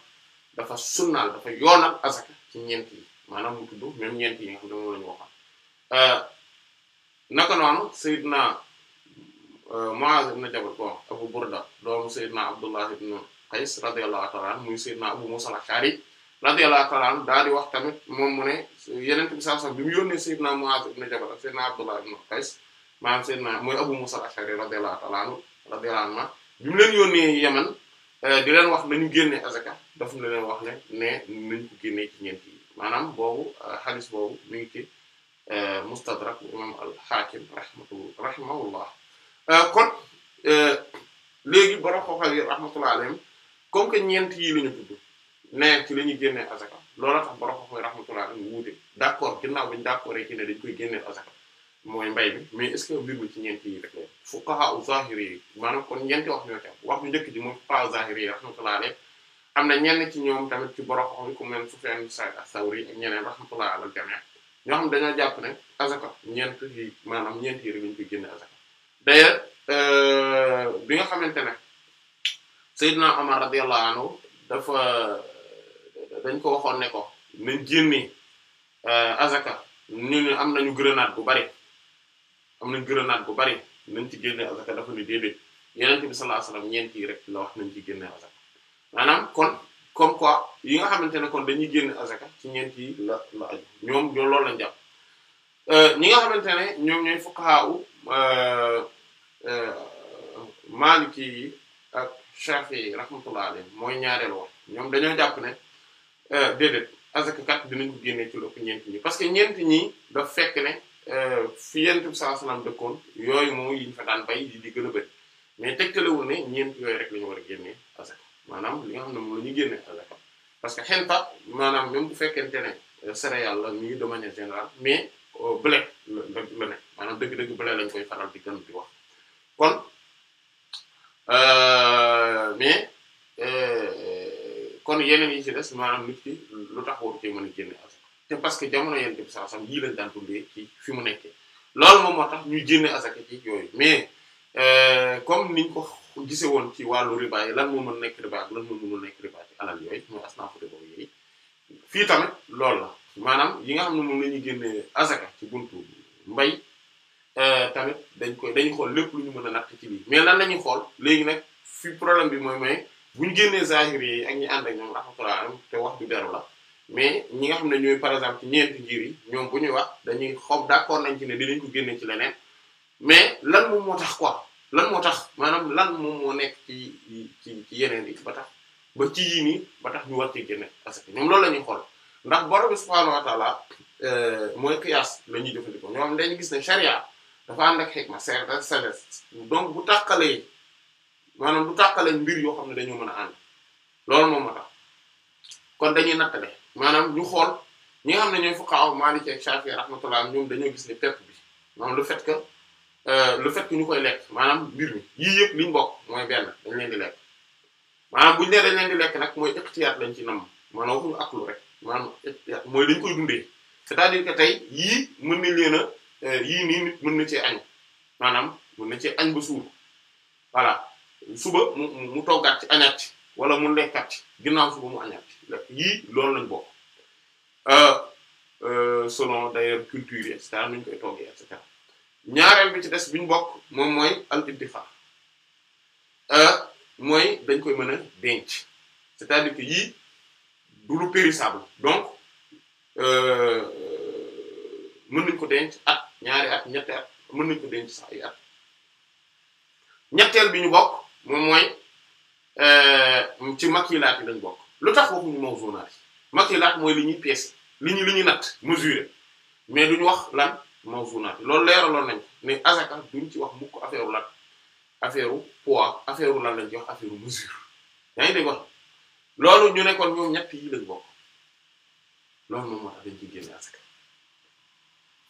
dafa sunnaal dafa yoonal azaka ci ñeent yi maanaam mu tudd même ñeent yi nga xam ne moom la ñu waxoon naka noonu sayyidina Euh, Muaz ibn Jabal bon Abu Burda doomu Seydina Abdullah ibn Qays radiyallahu ta'ala anhu muy Seydina Abu Musa al-Ash'ari radiyallahu ta'ala anhu daal di wax tamit moom mu ne Yonent bi sallallahu alayhi wasallam bi mu yónnee Seydina Muaz ibn Jabal ak Seydina Abdullah ibn mooy Abu Musa al-Ash'ari radiyallahu ta'ala anhu radiyallahu anhu bi leen yónnee Yemen euh, di leen wax nañu génne azaka dafu na leen wax ne ne nañ ko génnee maanaam boobu xadis euh, boobu mi ngi ci Mustadrak bu imam al-Hakim rahimahullah Euh, kon euh, léegi borom xooxal yi rahmatullah alayhim comme que ñeent yii la ñu ci la ñuy génnee azaka loola tax borom xooxal yi rahmatullah alayhim wuute d'accord ginnaaw bi ñu d'accord ci ne dañ koy génneel azaka mooy mbay bi mais est-ce que mbir mi ci ñeent yi rek la fuqaha zahiri yi kon ñeenti wax ñoo wax bu njëkk ji moom fuqaha zahiri yi rahmatullah alayhim am na ñenn ci ñoom tamit ci boro xooxal yi ku mel Sufyan Sa'id as-Sawri ak ñeneen rahmatullah ala al ñoo xam dañoo jàpp ne azaka ñeent yi maanaam ñeent yi rek lañ koy génne azaka d'ailleurs bi nga xamante ne Seydina Omar radiyallahu anhu dafa dañ ko waxoon ne ko nañ génne euh, azaka ñu ne am nañu grenade bu bari am nañ grenade bu bari nañ ci génne azaka dafa ne déedéet Yonent bi sallallahu alayhi rek la wax nañ ci génne azaka maanaam kon comme quoi yi nga xamante ne kon dañuy génne azaka ci ñeent yi la la aju ñoom loolu lañ jàpp euh, ñi nga xamante ne ñoom ñooy fuqahaa euh, Euh, maaliki yi ak shafi yi rahmatullah alayhi mooy ñaareel wax ñoom dañoo jàpp ne euh, déedéet azaka kat dinañ ko génnee ci lu ëpp ñeent ñi parce que ñeent ñi daf fekk ne euh, fi yent bi sallallahu alayhi dëkkoon yooyu mooy yi ñu fa daan bay di gën a bëri mais tegtalewul ne ñeent yooyu rek la ñu war a génnee azaka maanaam li nga xam ne moom la ñuy génnee parce que xenta maanaam même bu fekkente ne céréale la ñu de manière mais blé la la ne maanaam dëgg-dëgg koy faral di di wax kon euh, mais euh, kon yeneen yi ci des maanaam nit ki lu tax waru cee mën a asaka te parce que jamono yonent bi sallallahu alayhi ci fi mu nekkee loolu moom tax ñu jën asaka ci yooyu mais euh, comme niñ ko gise woon ci wàllu riba yi lan moo nekk riba ak lan moo mënul nekk riba ci alal yooyu mooy asnaafu riba yooyu fii tamit loolu la maanaam yi nga xam ne moom la ñu génne asaka ci buntu mbay Euh, tamit dañ koy dañu xool lépp lu ñu mën a natt ci biir mais lan la ñuy xool léegi nag fi problème bi mooy mooy bu ñu génnee zahiri yi ak ñi ànd ak ñoom rahmatullah te wax du beru la mais ñi nga xam ne ñooy par exemple ci ñeenti ngir yi ñoom bu wax dañuy xob d'accord nañ ci ne dinañ ko génne ci leneen mais lan moom moo tax quoi lan moo tax maanaam lan moom moo nekk ci ci ci yeneen yi ba tax ba ci yii nii ba tax ñu war ci génne parce que ñoom loolu la ñuy xool ndax borom subhaanahu wa ta'ala euh, mooy qiyaas la ñuy jëfandikoo ñoom dañu gis ne sharia dafa ànd ak xikma sagesse donc bu tàqalee maanaam bu tàqalee mbir yoo xam ne dañoo mën a ànd loolu moom moo tax kon dañuy nattale maanaam ñu xool ñi xam ne ñooy fuqaha Maliki ak Shafi rahmatullah ñoom dañoo gis bi maanaam le fait que euh, le fait que ñu koy lekk maanaam mbir mi yii yëpp liñ bokk mooy benn dañ leen di lekk maanaam buñu nee lekk nag mooy ikhtiyaat lañ ci nam maanaam waxuñu aklu rek maanaam mooy dañ koy dundee c'est-à-dire que tey yii mën nañ leen Euh, yii nii nit mën na cee añ maanaam mën na cee añ ba suur voilà suba mu toggaat ci añaat ci wala mu lekkaat ci ginnaaw suba mu añaat ci yii loolu lañ bokk euh, euh, selon d'ailleurs culture yi et cetera nu ñu koy toggee et cetera ñaareel bi ci des bi bokk moom mooy al ittifa mooy dañ koy mën denc c'est-à-dire que yii du lu périssable donc mën nañ ko denc at ñaari at ñetti ñetteel bi ñu bokk moom mooy euh, ci makilaat yi lañ bokk lu tax waxuñu mawzunaat yi makilaat mooy li ñuy pièce li ñu li ñuy nat mesurer mais lu ñu wax lan mawzunaat yi loolu leeraloon nañ ne azaka duñ ci wax mukk affaire lan affaire poids affaire lan lañ ci wax affaire mesure yaa ngi dégg loolu ñu nekkoon kon ñoom ñett yi bokk loolu moom moo tax dañ ciy génne azaka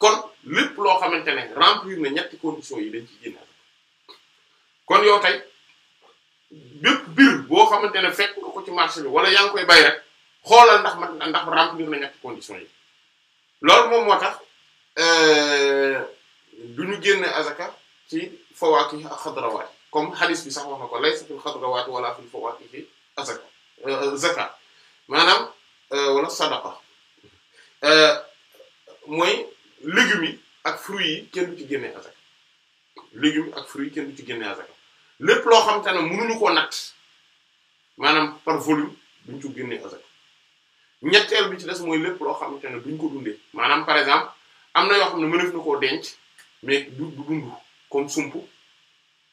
kon. lépp loo xamante ne remplir na ñetti conditions yi dañ ci génn kon yow tey bépp biir boo xamante ne fekk nga ko ci marché bi wala yaa ngi koy bay rek xoolal ndax man ndax remplir na ñetti conditions yi loolu moom moo tax euh, du ñu génne azaka ci fawaakih ak xadrawaat comme hadith bi sax wax na ko laysa fil xadrawaat wala fil fawaakih azaka euh, zaka maanaam euh, wala sadaqa mooy légumes yi ak fruits yi kenn du ci génne azaka légumes ak fruits yi kenn du ci génne azaka lépp loo xam te ne mënuñu koo natt maanaam par volume duñ ci génne azaka ñetteel bi ci des mooy lépp loo xamante ne duñ ko dundee maanaam par exemple am na yoo xam ne mëneef na koo denc mais du du dund comme sump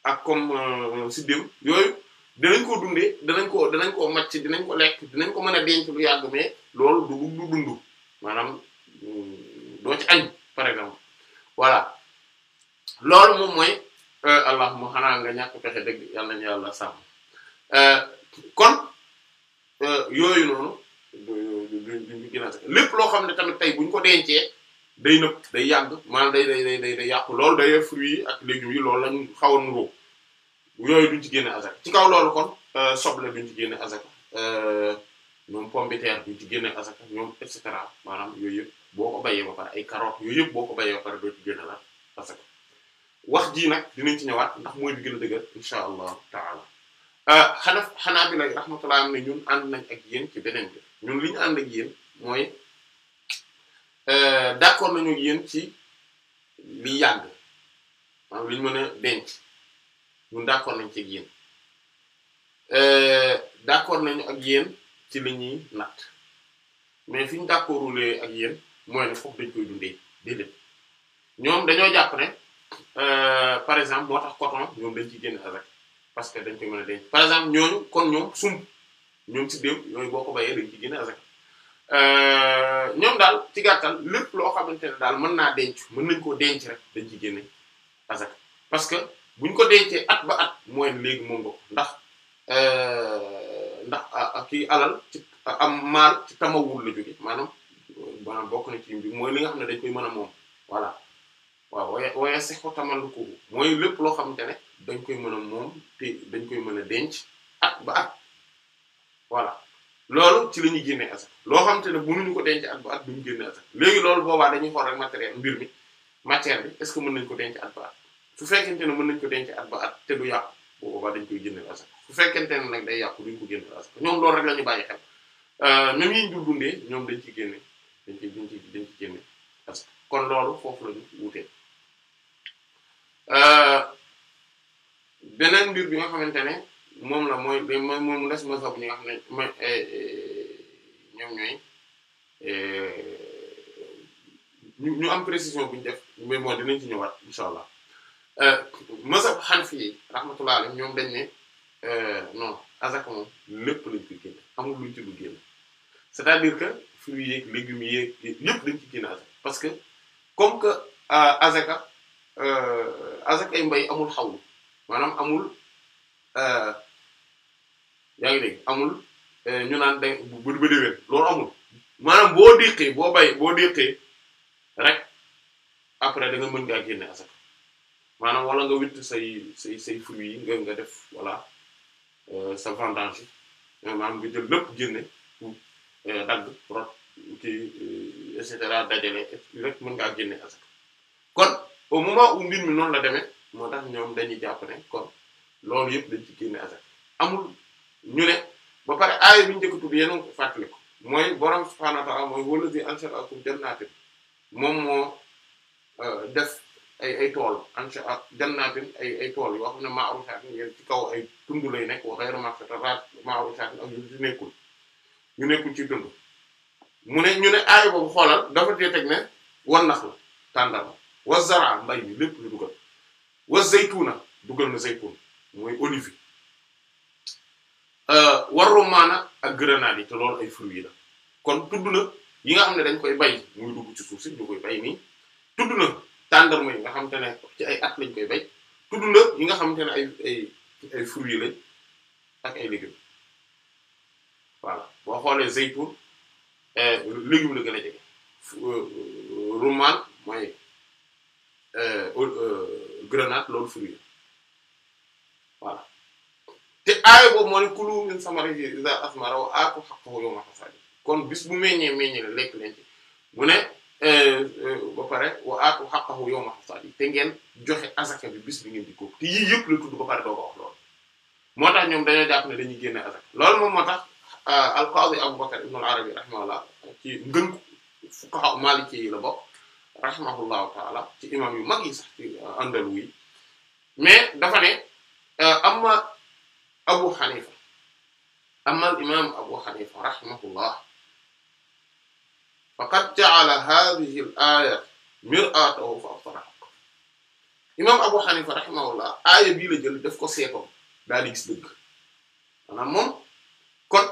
ak comme euh, siddéem yooyu danañ ko dundee danañ ko danañ ko màcc dinañ ko lekk dinañ ko mën a denc lu yàgg mais loolu du du dund maanaam mm, doo ci par exemple voilà loolu moom mooy euh, allah mu xanaa nga ñàkk pexe dëgg yàlla nañu yàlla sàmm euh, kon euh, yooyu noonu duñ lépp loo xam ne tamit tey buñ ko dencee day nëb day yàgg maanaam day day day day yàqu loolu day fruits yi ak légumes yi loolu lañu xaw a nuroo yooyu duñ ci génne azaka ci kaw loolu kon soble duñ ci génne ñoom pombiteer bi ci génne asaka ñoom et maanaam yooyu yëpp boo ko bayee ba pare ay carottes yooyu yëpp boo ko bayee ba pare doo ci génne la asaka wax jii nag dinañ ci ñëwaat ndax mooy bi gën a dëgër insha allahu taala xanaf euh, xanaa bi lay rahmatullah ne ñun ànd nañ ak yéen ci beneen bi ñun li ñu ànd ak yéen mooy euh, d'accord nañu yéen ci li yàgg maanaam li mën a denc ñun d'accord nañ ci ak yéen euh, d'accord nañu ak yéen ci la ñuy natt mais fi ñu d'accordulee ak yéen mooy ne foofu dañ koy dundee déedéet ñoom dañoo jàpp ne euh, par exemple moo tax coton ñoom dañ ci génn avec parce que dañ koy a denc par exemple ñooñu kon ñoom sumb ñoom si boo ko bayee dañ ciy génn avec euh, ñoom daal ci gàttal lépp loo xamante ne daal mën naa denc mën nañ koo denc rek dañ ci génne avec parce que buñ ko dencee at ba at mooy léegi moom nga ndax. Euh, ndax kii alal ci am maal ci tamawul la jóge maanaam maanaam bokk na ci bi mooy li nga xam ne dañ koy mën a moom voilà waaw waye waaye sexu tamanduko mooy lépp loo xamante ne dañ koy mën a moom dañ koy mën a denc at ba at loolu ci la ñuy génnee asak loo xam xamante ne mënuñu ko denc at ba at duñu génne asak léegi loolu boobaa dañuy xool rek matériel mbir mi matière bi est-ce que mën nañ ko denc at ba at su fekkente ne mën nañ ko denc at ba at te du yàqu boobaa dañ koy génneel asak su fekkente nag day yàqu duñ ko parce que ñoom loolu rek la ñu bàyyi xel même euh, yi ñu dul dundee ñoom dañ ci génne dañ ci dañ ci dañ ci génne asaka kon loolu foofu lañu ñu wutee euh, beneen mbir bi nga xamante ne moom la mooy mooy moom des mazhab ñi nga xam ne mooy eh, eh, ñoom ñooy eh, ñu am précision bu def mais bon dinañ ci ñëwaat incha allah euh, mazhab Hanafi yi rahmatullah alayhi ñoom dañ ne. Euh, non azaka moom lépp lañ koy amul luñ ci du c'est-à-dire que fruits yeeg légumes yeeg yëpp dañ ci génne azaka parce que comme que euh, azaka euh, azaka ay mbay amul xawlu maanaam amul yaa ngi dégg amul ñu naan da bu ba déwén loolu amul maanaam boo déqee boo bay boo déqee rek après da nga mën ngaa génne azaka maanaam wala nga witt say say say yi nga def voilà sa euh, vendange euh, maanaam nga jël lépp génne euh, dagg rot kii et cetera dajale rek mën ngaa génne asaka kon au moment mi noonu la demee moo tax ñoom dañuy jàpp ne kon loolu yëpp dañ génne asaka amul ñu ne ba pare aaya bi ñu njëkk a tudd yéen a ko fàttali ko mooy borom subhaanahu wa ta'aala mooy wële bi moom moo def. ay ay tool anca ak jannaatin ay ay tool yoo xam ne ma'rushatin yéen ci kaw ay tund lay nekk wa ghayru ma'rushatin ak yu nekkul ñu nekkul ci tund mu ne ñu ne aay boobu xoolal dafa tee teg ne wan nax la tàndara wa zara mbay mi lépp lu dugal wa zaytuna dugal na zaytun mooy olive euh, wa rummaana ak grenade yi te lool ay fruits la kon tudd na yi nga xam ne dañ koy bay muy dugg ci suuf si ñu koy bay nii tudd na tàndarma yi nga xamante ne ci ay at lañ koy bay tudd nga xamante ne ay ay ay ak ay légumes voilà boo xoolee zeytun eh, légume la gën a jege euh, euh, rumman mooy eh, euh, grenade fruit la te aaya boobu moo ne kulu min samarihi iza asmara wa aatu haqqahu yawma hasaadi kon bis bu meññee meññee la lekk leen ci Euh, euh, ba pare wa aatu haqqahu yawma hasaadi te ngeen joxe azaka bi bis bi ngeen di góob te yii yëpp la tudd ba pare doo wax loolu moo tax ñoom dañoo jàpp ne dañuy génne azaka loolu moo tax euh, al-Qaadi Abu Bakr ibn al-Arabi rahimahullah ci ngënk fuqaha maliki yi la bokk rahimahullahu taala ci imam yu mag yi sax ci Andalu yi mais dafa ne amma Abu Hanifa amma al-imam Abu Hanifa rahimahullah faqad ja'ala hadhihi al-aya mir'atahu fa absaraha imam Abu Hanifa rahimahullah aaya bii la jël def ko seetom daal di gis dëgg maanaam moom kon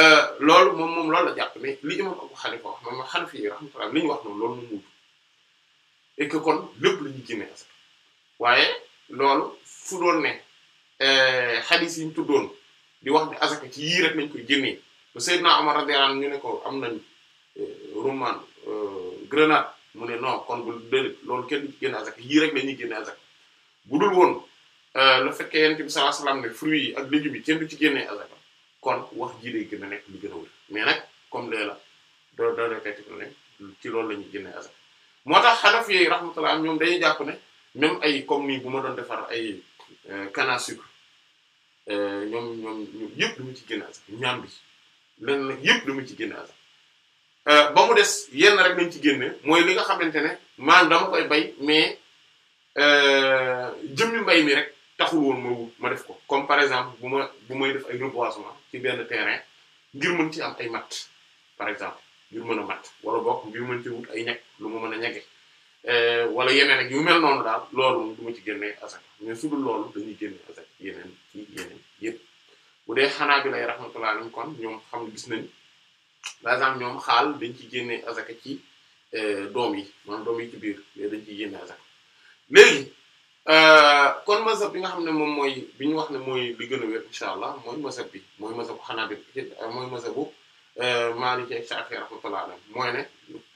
euh, loolu moom moom lool la jàpp ne li imam Abu Hanifa wax moom Hanafi yi rahmatullah li ñu wax noonu loolu mu muut et que kon lépp la ñu asaka waaye loolu fu doon ne euh, xadiis yi tuddoon di wax ne asaka ci yii rek lañ koy génnee ba Seydina Umar radiyallahu anhu ñu ne ko am nañu rumman euh, grenade mu ne non kon bu déedéet loolu kenn du ci génne azak yii rek la ñuy génne azak bu dul woon euh, la fekkee yonent bi sallallahu alayhi wasallam ne fruits yi ak légumes yi kenn ci génne azak kon wax ji day gën a mais nag la doo doo ci loolu la ñuy génne azak moo tax xanaf yi rahmatullah am ñoom dañuy jàpp ne même ay comme ni bu ma doon defar ay euh, canne à sucre ñoom ñoom ñoom ci génne azak ñaam bi lenn nag yëpp dama ci génne azak Euh, ba mu des yenn rek lañ ci génne mooy li nga xamante ne maanaam dama koy bay mais euh, jëmmi mbay mi rek taxul woon ma wut ma def ko comme par exemple bu ma bu may def ay reboisement ci benn terrain ngir mën ci am ay matt par exemple ngir mën a mat wala bokk ngir mën ci wut ay ñeg lu ma mën a ñege euh, wala yeneen ak yu mel noonu daal loolu du ma ci génnee asaka mais su dul loolu dañuy génne asaka yeneen ci yeneen yëpp bu dee xanaa bi lay rahmatullah kon ñoom xam gis nañ par exemple ñoom xaal dañ ci génne azaka ci euh, doom yi maanaam doom yi ci biir dañ ci génne azaka léegi euh, kon mazhab bi nga xam ne moom mooy bi ñu wax ne mooy li gën a wér incha allah mooy mazhab bi mooy mazhabu Hanaabila mooy mazhabu euh, Maaliki ak Shaafi'i rahmatullah alayhi mooy ne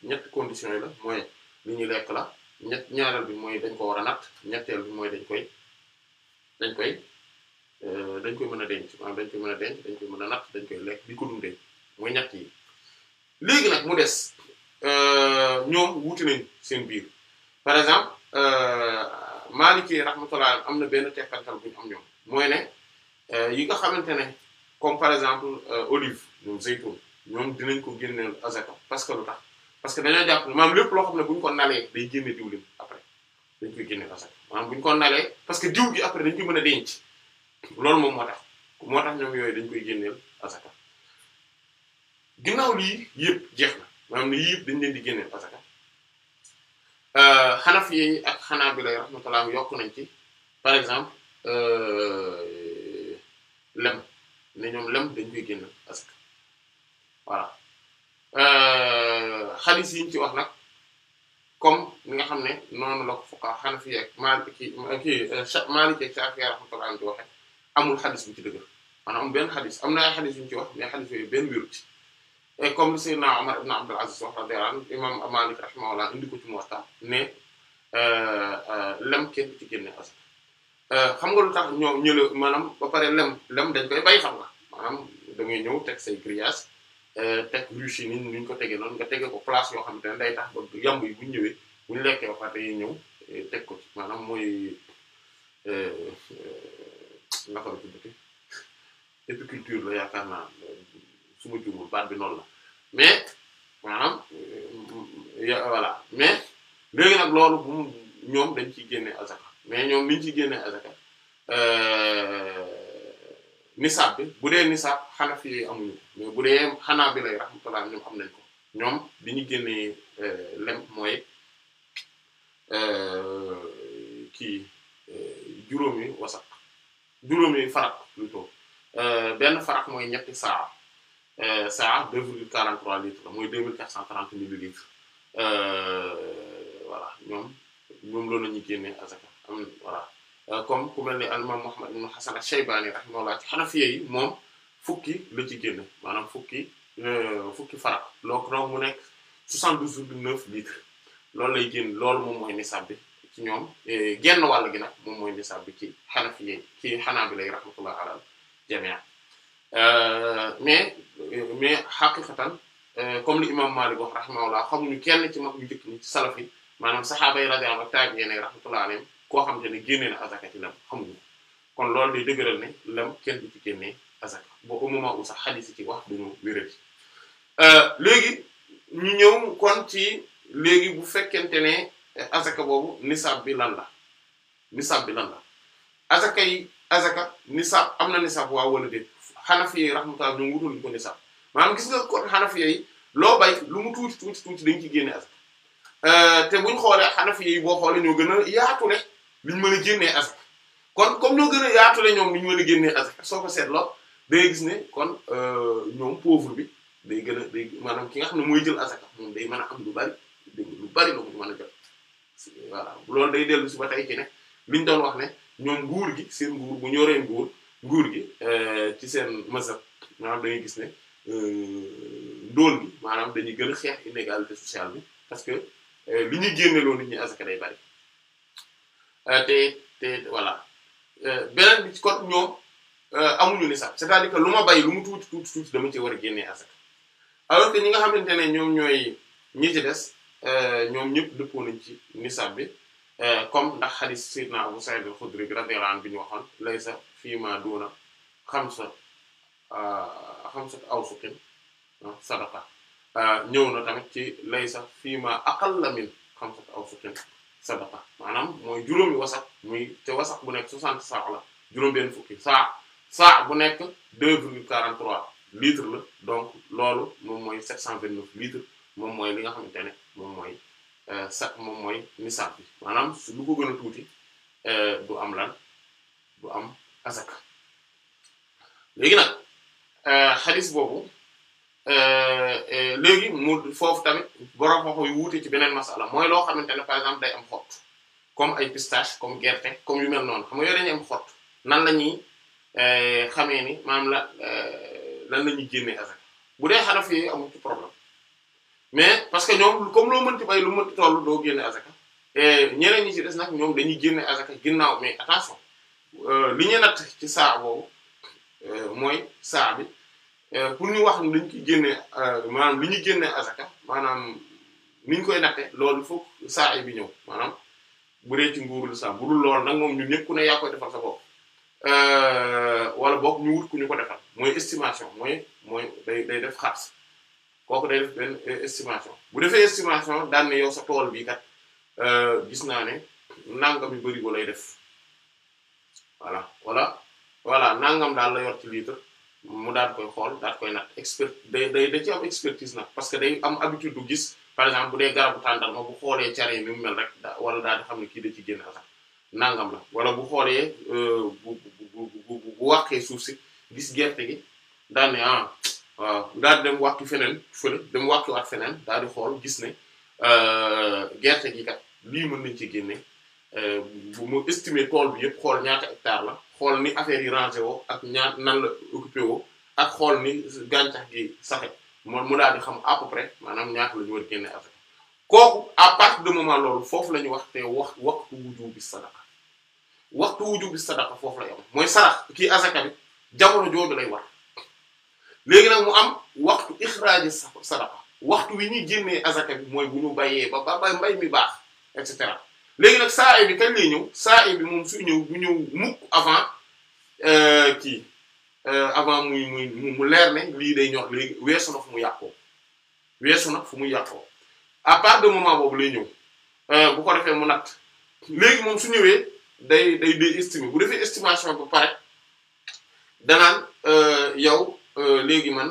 ñetti conditions yi la mooy li ñu lekk la ñett ñaareel bi mooy dañ ko war a natt ñetteel bi mooy dañ koy dañ koy dañ koy mën a denc maanaam dañ koy mën a denc dañ koy mën a natt dañ koy lekk di ko dundee mooy ñett yi léegi nag mu des euh, ñoom wuti nañ seen biir par exemple euh, Maliki rahmatullah am na benn tekkantal bu ñu am ñoom mooy ne euh, yi nga xamante ne comme par exemple olive ñoom zaytun ñoom dinañ ko génneel azaka parce que lu tax parce que dañoo jàpp maam lépp loo xam ne bu ñu ko nalee day génne diwlin après dañ koy génneel azaka maanaam bu ko nalee parce que diw gi après dañ koy mën a denc loolu moom moo tax moo tax ñoom yooyu dañ koy génneel azaka ginnaaw lii yëpp jeex na ne yii dañ leen di génneel parce que xanaf euh, yi ak xanaa bi lay yokk nañ ci par exemple euh, lem ne ñoom lem dañ koy génneel parce que voilà xadis euh, yi ñu ci wax nag comme ni nga xam ne noonu la ko fuqaa xanafi ak maliki kii maliki ak shafi'i rahmatullah ci waxe amul xadis bu ci dëgër maanaam benn xadis am na ay xadis ci wax mais xadis yooyu benn wéru et comme Seydina Omar ibn Abdul Aziz wax am anhu imam Malik indi ko ci Muwatta ne euh, euh, lem kenn ci génne asaka euh, xam nga lu tax ñoom ñële maanaam ba pare lem lem dañ koy bay xam nga maanaam da ngay ñëw teg say grillage teg ruche yi ni ñu ko tegee noonu nga tege ko place yoo xam te ne day tax yamb yi bu ñu ñëwee bu ñu lekkee ba pare day ñëw teg ko ci maanaam mooy naka la tuddati <laughs> épiculture la yaakaar naa. su ma jumul baat bi noonu la mais maanaam euh, voilà mais léegi nag loolu ñoom dañ ciy génne azaka mais ñoom liñ ci génne azaka euh, nisaab bi bu dee nisaab xanafi yi amuñu bu dee xanaa bi lay rahmatullah ñoom am nañ ko ñoom li ñu génnee euh, lem mooy kii juróomi wasak juróomi farak plutôt benn farak mooy ñetti saa Euh, ça deux virgule quarante trois litres la mooy deux mille quatre cent trente millilitres euh, voilà ñoom ñoom loolu la ñuy génnee azaka am voilà euh, comme ku mel ne al-imam Muhammad ibn Hasan ash-Shaybani rahimahullah ci Hanafiyya moom fukki la ci génne maanaam fukki fukki farak donc donc nekk soixante douze loolu lay génn loolu moom mooy bi ci ñoom genn wàll gi nag moom mooy nisaab bi ci Hanafiyya ci Hanabila yi rahmatullah mais. mais xaqiqatan euh, comme li imam Malik wax rahimahullah xamuñu kenn ci mag ñu njëkk ñi ci salaf yi maanaam saxaaba yi radiyallahu anhum taabi'iin rahmatullahi alayhim koo xam te ne génnee na azaka ci lam xamuñu kon loolu day dëgëral ne lam kenn du ci génnee azaka boo au moment où sax xadiis yi wax duñu wérati euh, léegi ñu ñëw ci léegi bu fekkente ne azaka boobu nisaab bi lan la nisaab bi lan la azaka yi azaka nisaab am na nisaab waaw wala déet xanafi yooyu rahmatullah ñoom wutal ko nisab maanaam gis nga ko xanafi yooyu loo bay lu mu tuuti tuuti tuuti dañ ci génne asaka euh, te buñ xoolee xanafi yooyu boo xoolee ñoo gën a yaatule liñ mën a kon comme ñoo gën a liñ mën a génne asaka soo ko seetloo day gis ne kon euh, ñoom pauvre bi day gën a day maanaam ki nga xam ne mooy jël asaka moom day mën a am lu bari la a jot voilà loolu day dellu si ba tey ci ne doon wax ne ñoom nguur gi seen nguur bu ñoree nguur nguur gi euh, ci seen mazhab maanaam dañuy gis ne euh, ndóol gi maanaam dañuy gën a xeex inégalité sociale bi parce que euh, li ñuy génneloo nit ñi asaka day bari te te voilà beneen bi ci côté ñoom amuñu ni c'est-à-dire que lu ma bay lu mu tuuti tuuti tuuti dama ci war a génnee asaka alors que ñi nga xamante ne ñoom ñooy ñi ci des ñoom ñëpp dëppoo nañ ci nisab bi comme ndax hadith sayyidna Abu Sa'id bu khudri radiyallahu anhu bi ñu waxoon laysa fii ma duuna xamsa ah, xamsa awsuqin ah, sadaqa ah, ñëw na tamit ci laysa fii ma aqalla min xamsa awsuqin sadaqa maanaam mooy juróomi wasak muy te wasak bu nekk 60 saa la juróom-benn fukki saa saa bu nekk 2,43 litres la donc loolu moom mooy 729 litres moom mooy li nga xamante ne moom mooy euh, sa moom mooy nisaab bi maanaam lu ko gën tuuti euh, du am lan du am. azaka léegi nag euh, xalis boobu euh, euh, léegi mu foofu tamit borom xoxo yu wuute ci beneen masala mooy loo xamante ne par exemple day am xott comme ay pistache comme gerte comme yu mel noonu xam nga yooyu dañuy am xott nan la ñuy xamee ni maam la lan la ñuy génnee azaka bu dee xaraf yi amul ci problème mais parce que ñoom comme loo mënti bay lu mënti tollu doo génne azaka ñeneen ñi ci des nag ñoom dañuy génne azaka ginnaaw mais attention Euh, li ñu natt ci saa boobu euh, mooy saa bi euh, pour ñu wax ni ñu koy génnee maanaam li ñu génnee azaka maanaam ni koy natte loolu foog saa yi bi ñëw maanaam bu dee ci nguurul saa bu dul loolu nag moom ñu ñëpp ku ne yaa koy defal sa bopp wala boog ñu wut ku ñu ko defal mooy estimation mooy mooy day day def xaalis kooku day def benn estimation bu defee estimation daan ne sa tool bii kat gis naa ne nangam yu bari ko lay def. voilà wala voilà nangam daal la yor ci litre mu daal koy xool daal koy nat expert day day da ci am expertise nag parce que day am habitude du gis par exemple bu dee garabu tàndarma bu xoolee care yi ni mu mel rek wala daad di xam ne kii da ci génn sax nangam la wala bu xoolee euh, bu bu bu bu wàqee suuf si gis gerte gi daal ne ah waaw daal dem wàqi feneen fële dem wàqi waat feneen daal di xool gis ne euh, gerte gi kat lii mën nañ ci génne Euh, bu ma estimer tool bi yëpp xool ñaata hectare la xool ni affaire yi rangé woo ak ñaar nan la occupé woo ak xool ni gàncax gi saxe moom mu daal di xam à près maanaam ñaata la ñu war génne affaire kooku à partir de moment loolu foofu la ñu wax te wax waxtu wujubi sadaqa waxtu wujubi sadaqa foofu lay am mooy sarax kii asaka jamono jooju lay war léegi nag mu am waxtu ixraaji sadaqa waxtu wi ñuy génnee asaka bi mooy bu ñu bàyyee ba ba mbay mi baax et léegi nag saa yi bi kañ lay ñëw saa yi bi moom suy ñëw bu ñëw mukk avant euh, kii euh, avant muy muy mu leer ne lii day ñor léegi weesu na fu mu yàqu weesu na fu mu yàqu à part de moment boobu lay ñëw euh, bu ko defee mu natt léegi moom su ñëwee day day day estimer bu defee estimation ba pare danaan yow léegi man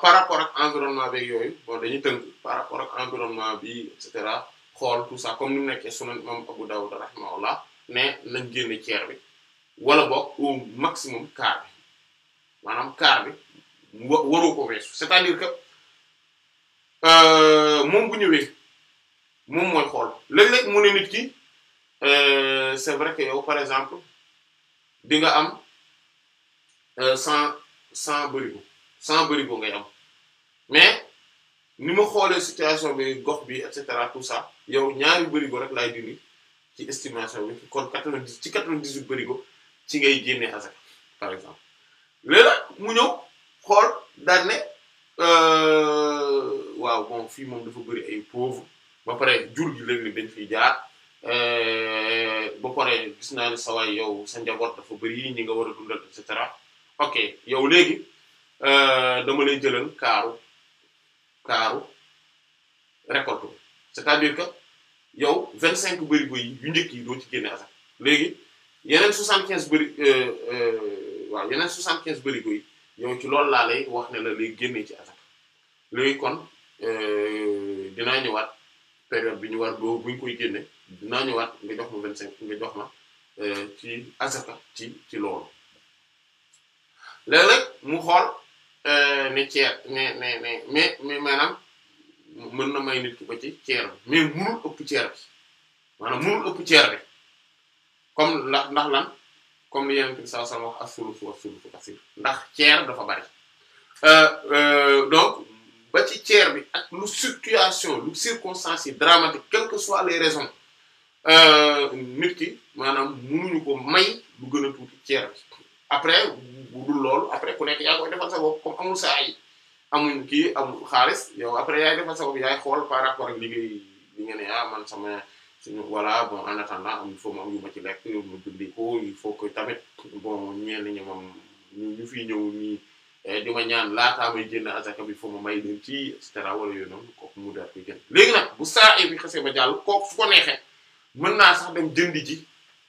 par rapport ak environnement beeg yooyu bon dañuy tënk par rapport ak environnement bi et cetera. xool tout ça comme ne mu nekkee sunan imam Abu Dawud rahimahullah mais nañ génne ceer bi wala boog au maximum quart bi maanaam quart bi waroo ko weesu c'est-à-dire que euh, moom bu ñëwee moom mooy xool léeg-léeg mu ne nit ki euh, c'est vrai que yow par exemple di nga am euh, cent cent barigo cent barigo ngay am mais ni ma xoolee situation bi gox bi et cetera tout ça yow ñaari bërigo rek laay dindi ci estimation bi kon quatre ci quatre-vingt-dix-huit ci ngay génnee asaka par exemple léegi mu ñëw xool daan euh, waaw bon fii moom dafa bëri ay pauvre ba pare jur gi léeg-léeg dañ fiy jaar euh, ba pare gis naa ne sawaay yow sa njaboot dafa bëri ñi nga war a dundal et cetera ok yow léegi euh, dama lay jëlal kaaru taaru récolte c'est-à-dire que yow vingt cinq bërigo yi yu njëkk yi doo ci génne asaka léegi yeneen soixante quinze bëri yi yow ci loolu laa lay wax ne la lay génnee ci asaka léegi kon euh, dinaa ñëwaat période bi ñu war boobu bu ñu koy génne dinaa ñëwaat nga jox ma vingt cinq nga jox ma euh, ci asaka ci ci loolu léeg-léeg mu xool ne euh, ceer mais mais mais mais mais maanaam mën na may nit ki ba ci ceer bi mais mënul ëpp ceer bi maanaam mënul ëpp ceer bi comme la ndax lan comme li yeneen saa sama wax as-sulusu as-sulusu kasir ndax ceer dafa bari euh, euh, donc ba ci ceer bi ak lu situation lu circonstance yi dramatique quelles que les raisons nit ki maanaam mënuñu ko may lu gën a tuuti ceer bi après bu lool loolu après ku nekk yaa koy defal sa bopp comme amul saa yi amuñ kii amul xaalis yow après yaay defal sa yaay xool par rapport ak liggéey li nga ne ah man sama suñu voilà bon en attendant am il faut ma am yu ma ci lekk yu ma dundee ko il faut que tamit bon ñu ñu fiy eh, di ma ñaan laa may génn asaka bi foo may leen ci et cetera yooyu noonu kooku mu daal koy génn léegi nag bu saa yi bi xasee ba jàll kooku fu ko neexee mën naa sax dem jëndi ji.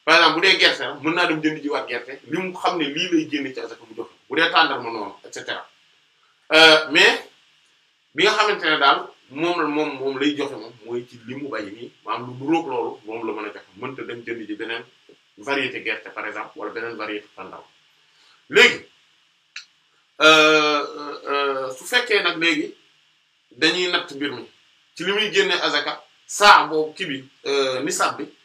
par exemple bu dee gerte mën naa dem jënd jiwaat gerte li mu xam ne lii lay génne ci asaka bu jox bu dee tàndarma noonu et euh, mais bi nga xamante ne daal moom la moom moom lay joxe moom mooy ci li mu bàyyi nii maanaam lu duróog loolu moom la mën a joxe mënta dem jënd ji beneen variété gerte par exemple wala beneen variété tàndarma léegi euh, euh, su fekkee nag léegi dañuy natt mbir mi ci li muy génne asaka saa boobu kii bi nisaab bi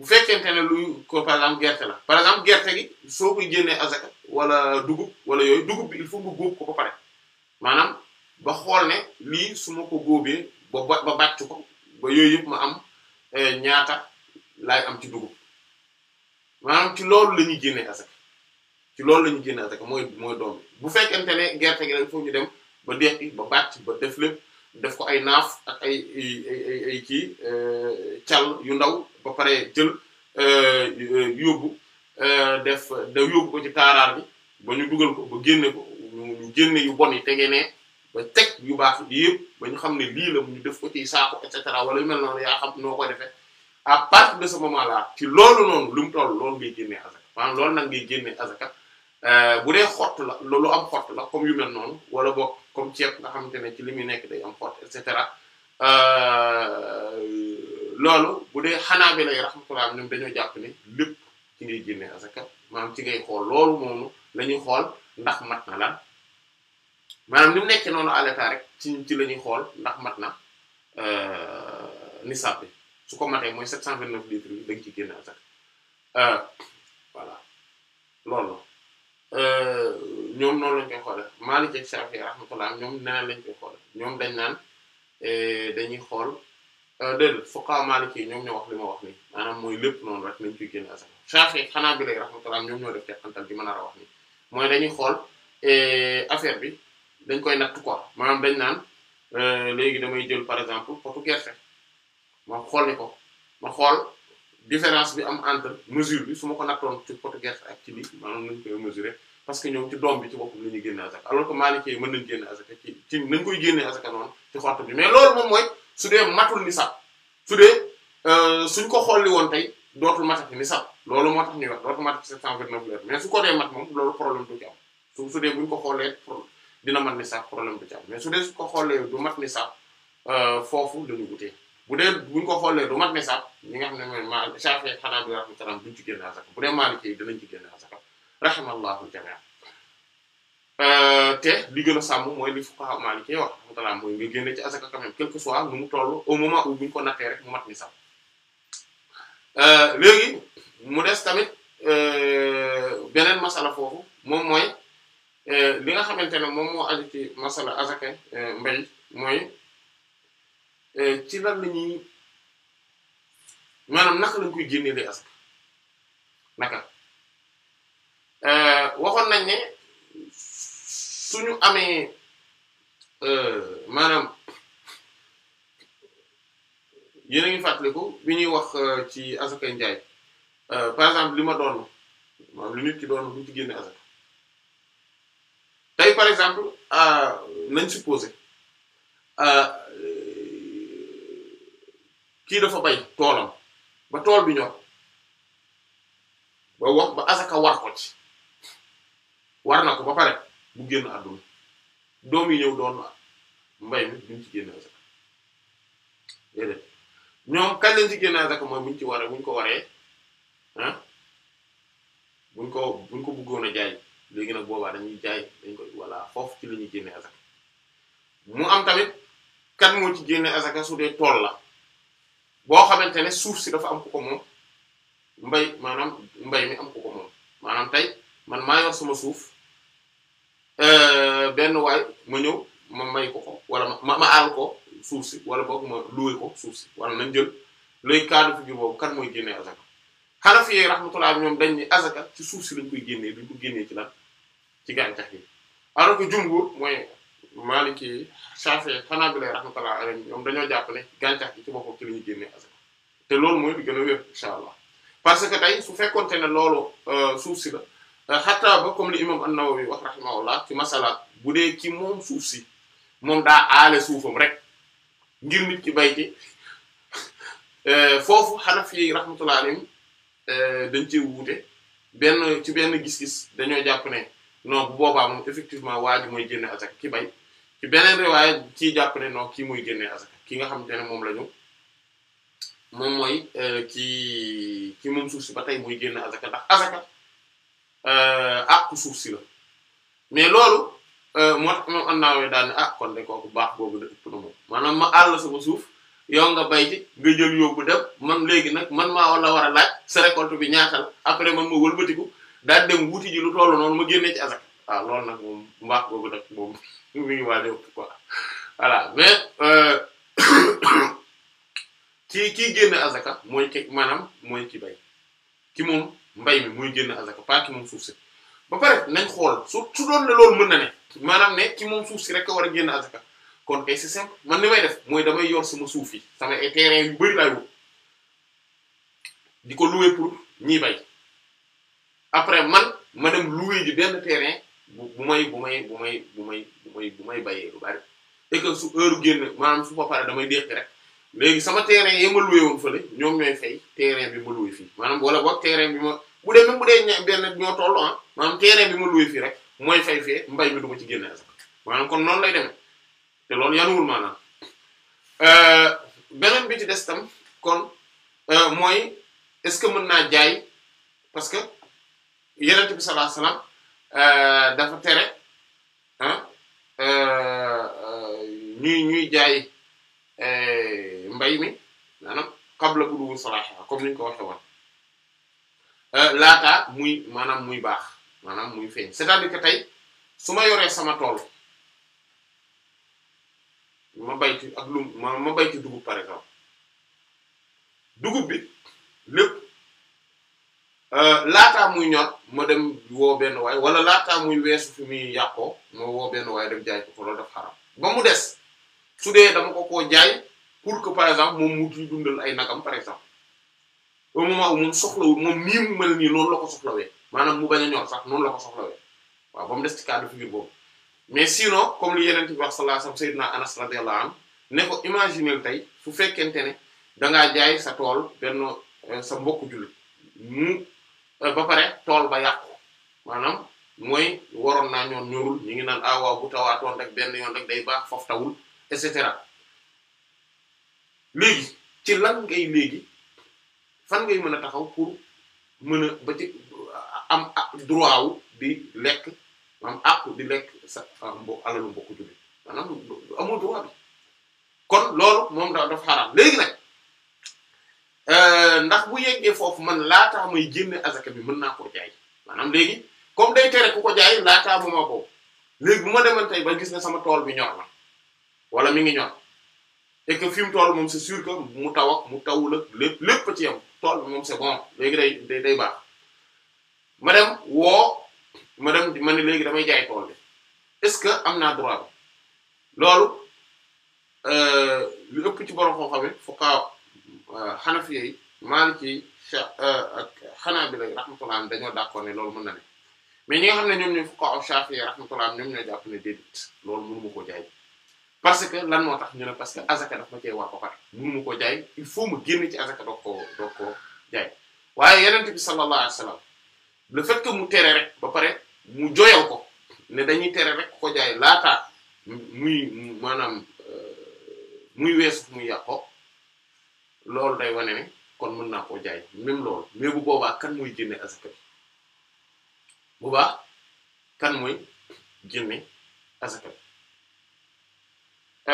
bu fekkente ne luy ko par exemple gerte la par exemple gerte gi soo koy génnee azaka wala dugub wala yooyu dugub bi il faut nga góob ko ba pare maanaam ba xool ne lii su ma ko góobee ba ba bàcc ko ba yooyu yëpp ma am eh, ñaata lay am ci dugub maanaam ci loolu la ñuy génnee azaka ci loolu la ñuy génnee azaka mooy mooy doom bu fekkente ne gerte gi la il ñu dem ba deqi ba bàcc ba def lépp def ko ay naaf ak ay ay ay kii euh, cal yu ndaw ba pare jël euh, yóbbu euh, def da yóbbu ko ci taaraar bi ba ñu dugal ko ba génne ko ñu génne yu bon yi tege ne ba teg yu baax yi yëpp ba ñu xam ne lii la ñu def ko ci saako et cetera wala yu mel noonu yaa xam noo koy defee à partir de ce moment ci loolu noonu lu mu toll loolu ngay génnee azaka maanaam loolu nag ngay génnee azaka bu dee xott la lu am xott la comme yu mel noonu wala boog comme ceeb nga xamante ne ci li muy nekk day am xoot cetera euh, loolu bu dee xanaa bi lay rahmatullah ñoom dañoo jàpp ne lépp ci ngay génne asaka maanaam ci ngay xool loolu moomu la ñuy xool ndax mat na lan maanaam ni mu nekk noonu à rek ci ci la ñuy xool ndax mat na euh, nisaab bi su ko matee mooy 729 litres bi da nga ci génne asaka euh, voilà loolu Euh, ñoom noonu lañ koy xoole Maalik ak Shaafi rahmatullah ñoom neneen lañ koy xoole ñoom dañ naan eh, dañuy xool euh, dégg nga fuqahaa Maalik yi ñoom ñoo wax li ma wax nii maanaam mooy lépp noonu rek nañ ciy génn asaka Shaafi ak Hanaabila rahmatullah ñoom ñoo def teqantal bi ma nar a wax nii mooy dañuy xool eh, affaire bi dañ koy natt ko maanaam dañ naan euh, léegi damay jël par exemple potu gerte ma xool ni ko ma xool différence bi am entre mesure bi su ma ko nattoon ci potu gerte ak ci lii maanaam nañu koy mesurer parce que ñoom ci doom bi ci boppam la ñuy génne azaka alors que maalikee mën nañ génne azaka ci ci nañ koy génne azaka noonu ci xott bi mais loolu moom mooy su euh, ko xolli woon tey dootul matati nisab loolu moo tax ñuy wax dootul matati 729 leer mais su ko dee mat moom loolu problème du ci am su su dee buñ ko xoolee dina mat nisab problème du ci am mais su dee su ko xoolee du mat nisab euh, foofu dañu wutee bu dee bu ñu ko xoolee du mat nisab bi nga xam ne mooy ma Shafi'i xanaa bi rahmatullah duñ ci génne bu dee Maliki yi danañ ci génne asaka rahimallahu jamia euh, te li gën a sàmm mooy li fuqaha Maliki yi wax rahmatullah mooy nga génne ci asaka quand même quelque soit nu mu toll au moment où bu ko nattee rek mu mat nisab euh, léegi mu des tamit euh, beneen masala foofu moom mooy li nga xamante ne moom moo aju ci masala asaka mbay mooy Euh, ci lan la ñuy maanaam naka lañ koy génneelee ask naka euh, waxoon nañ ne suñu amee euh, maanaam yéen a bi ñuy wax ci asaka njaay par exemple li ma doon maanaam li nit ki doon bu ñu ci génne asaka tey par exemple nañ supposé kii dafa bay toolam ba tool bi ñor ba wax ba asaka war ko war na ko ba pare mu génn àdduna doom yi ñëw doon mbay mi duñ ci génn asaka déedéet ñoom kañ lañ génn asaka mooy buñ ci waree buñ ko waree ah, buñ ko buñ ko bëggoon a jaay léegi nag boobaa dañuy jaay dañ koy walla foofu ci la ñuy génne asaka mu am tamit kan moo ci génne asaka su dee tool la boo xamante ne suuf si dafa am ku ko moom mbay maanaam mbay mi am ku ko moom maanaam tey man maa yor sama suuf euh, benn waay ma ñëw ma may ko ko wala ma ma ko suuf si wala boog ma luwe ko suuf si wala nañ jël looy kaanu fi biir boobu kan mooy génnee azaka Hanafi yi ñoom dañ ni azaka ci suuf si lañ koy génnee duñ ko génnee ci lan ci gàncax yi alors que Maliki yi Shafi'i Hanabila rahmatullah alayhim ñoom dañoo jàpp ne gàncax gi ci boppam ci la ñuy génnee te loolu mooy li gën wér incha allah parce que tey su fekkonte ne loolu euh, suuf si la xataa euh, ba comme li imam an-Nawawi wax rahimahullah ci masala bu dee ci moom suuf si moom daa aale suufam rek ngir nit ki bay ci <laughs> euh, foofu Hanafi rahmatullah alayhim dañ cee wuute benn ci benn gis-gis dañoo jàpp ne non bu boobaa moom effectivement waa ji mooy génne asaka ki bay ci beneen riwaaya kii jàpp ne non kii mooy génnee asaka ki nga xamante ne moom la ñu moom mooy euh, kii kii moom suuf si ba tey mooy génne asaka ndax asaka euh, àqu suuf si la mais loolu euh, moo tax moom am naa wooy daal ne ah kon de baax boobu de ëpp na ma àll sama suuf yow nga bay ci nga jël yóbbu dem man léegi nag man maa wala war a laaj sa récolte bi ñaata la après man ma wëlbatiku daal dem wuti ji lu tollu noonu ma génnee ci asaka waaw ah, loolu nag moom mbaax boobu nag moom mi ngi waaj voilà mais ki kii génn azaka mooy ki maanaam mooy ki bay ki moom mbay mi mooy génn azaka pas ki moom suuf si ba pare nañ xool su su doon ne loolu mën na ne maanaam ne ki moom suuf si rek a war a génn azaka kon kay c'est man ni may def mooy damay yor sama suuf yi sama ay terrain yu bari laay di ko louer pour ñiy bay après man ma dem louer ji benn terrain bu bu may bu may bu may bu may bu may bu may bayee bari et que su heure génn maanaam su ba damay déqi rek léegi sama terrain yi ma loué woon fële ñoom ñooy fay terrain bi ma loué fii maanaam wala boog terrain bi ma bu dee même bu dee benn ñoo toll ah maanaam bi ma loué fii rek mooy fay fee mbay mi du ma ci génne sax maanaam kon noonu lay demee te loolu yanuwul maanaam euh, beneen bi ci des tam kon euh, mooy est-ce que mën naa jaay parce que yeneen bi sallallahu alayhi Euh, dafa tere euh, euh, ñuy ñuy jaay mbay mi maanaam qabla buluwu salaaha comme niñ ko waxe woon laata muy maanaam muy baax maanaam muy feeñ c'est-à-dire que tey su ma yoree sama tool ma bay ci ak lu ma ma bay dugub par exemple dugub bi lépp Euh, laataa muy ñor ma dem woo benn waay wala laataa muy weesu fi muy yàqoo ma woo benn waay def jaay ko ko loolu daf xaram ba mu des su dee dama ko koo jaay pour que par exemple moom mu ciy dundal ay nagam par exemple au moment où moom soxlawul moom nii mu nii loolu la ko maanaam mu bañ a ñor sax noonu la ko soxlawee waaw ba mu des ci cas de figure boobu mais sinon comme li yeneen bi wax sallallahu alayhi wasallam sayyidina Anas radiyallahu anhu ne ko imaginer tey su fekkente ne da jaay sa tool benn euh, sa mbokku jullit Euh, ba pare tool ba yàqu maanaam mooy waroon na ñoon ñorul ñu ngi naan awaaw ah, bu tawaatoon rek benn yoon rek day baax foofu tawul et cetera léegi ci lan ngay léegi fan ngay mën a taxaw pour mën a ba ci am droit wu di lekk am àqu di lekk sa mbo alalu mbokku jullit maanaam amul droit kon loolu moom da dafa xaraam léegi nag Euh, ndax bu yeggee foofu man laata may génne azaka bi mën naa koo jaay maanaam léegi comme day tere ku ko jaay laataa mu ma ko léegi bu ma ba gis ne sama tool bi ñor na wala mu ngi ñor et que fi mu tool moom c'est sûr que mu taw mu tawul ak lépp lépp ci yam tool bi moom c'est bon léegi day day day baax ma dem woo ma dem ma ne léegi damay jaay tool bi est-ce que am naa droit bi loolu euh, li ëpp ci borom koo xam ne fokk xanafi yi maaliki yi euh, ak xanaabila yi rahmatullah am dañoo d'accord ne loolu mën na ne mais ñi nga xam ne ñoom ñooy fuqaha o yi rahmatullah am ñoom ñoo jàpp ne déedéet loolu mënu ma koo jaay parce que lan moo tax ñu ne parce que azaka daf ma cee war ko pare ko jaay il faut mu génne ci azaka doog koo doog koo jaay waaye yeneen bi sallallahu alayhi wasallam le mu tere rek ba pare mu joyal ko ne dañuy tere rek ko jaay laataa muy maanaam euh, muy weesu muy yàqoo loolu day wane ne kon mën naa koo jaay même loolu mais bu boobaa kan mooy génne asaka bi bu baax kan muy génne asaka bi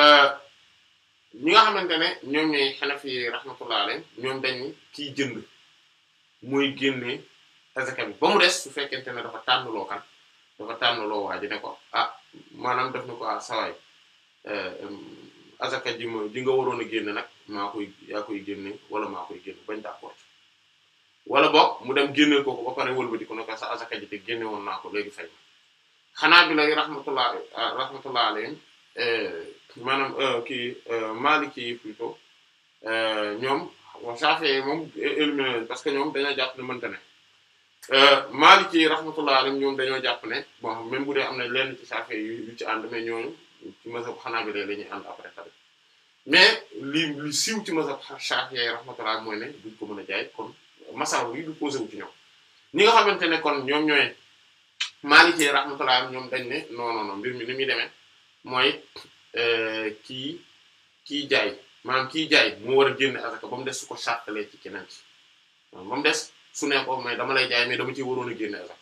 euh, ñi nga xamante ne ñoom ñooy xanafi rahmatullah alayhi ñoom dañ ni kiy jënd muy génne asaka bi ba mu des su fekkente ne dafa tànnloo kan dafa tànnloo waa ji ne ko ah maanaam def na ko ah sawaay euh, asaka ji ma ji nga waroon a génne nag maa koy yaa koy génne wala maa koy génne bañ d'accord wala bo mu dem génneel ko ko ba pare wëlbati ko ne ko sa asaka ji te naa ko léegi fay xanaa bi lay rahmatullah ah, rahmatullah alayhim eh, maanaam eh, kii eh, Maliki yi plutôt ñoom wa Shafi'i moom parce que ñoom dañoo jàpp ne mënta ne Maliki yi rahmatullah alayhim ñoom dañoo jàpp ne bon même bu dee am na lenn ci Shafi'i yu ci ànd mais ñooñu ci mazhab xanaa bi lay la ñuy ànd après mais li li siiw ci mazhab Shafi'i rahmatullah mooy ne duñ ko a jaay kon masala yi du posé wu ci ñoom nga xamante ne kon ñoom ñooy Maliki rahmatullah ñoom dañ ne non mbir mi ni muy deme mooy euh, ki kii jaay maanaam kii jaay mu war a génne asaka ba mu des su ko chartalee ci keneen ci ba des su ne ko may dama lay jaay mais dama ciy waroon a génne asaka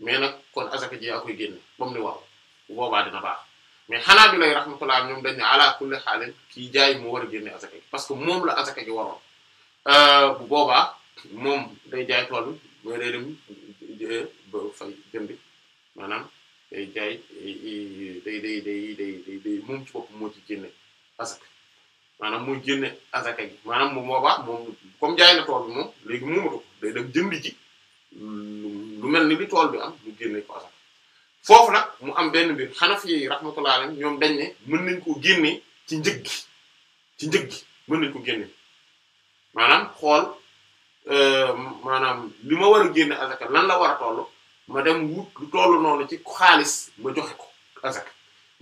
mais nag kon asaka ji yaa koy génne ba mu ne waaw boobaa dina baax. mais xanaa bi lay rahmatullah ñoom dañ ne ala kulli xaalin kii jaay moo war a génne asaka parce que moom la asaka ji waroon euh, bu boobaa moom day jaay tool bi mooy day dem euh, ba fay jënd maanaam day moo ci génne asaka maanaam mooy génne asaka ji maanaam bu boobaa moom comme jaay na tool bi léegi moomatu ko day dem jënd ji lu mel ni li tool bi am mu génne ko asaka foofu nag mu am benn mbir xanafi yi rahmatullah alayhim ñoom dañ ne mën nañ koo génne ci njëg gi ci njëg gi mën nañ ko génne maanaam xool euh, maanaam li ma war a génne azaka lan la war a toll ma dem wut lu toll noonu ci xaalis ma joxe ko azaka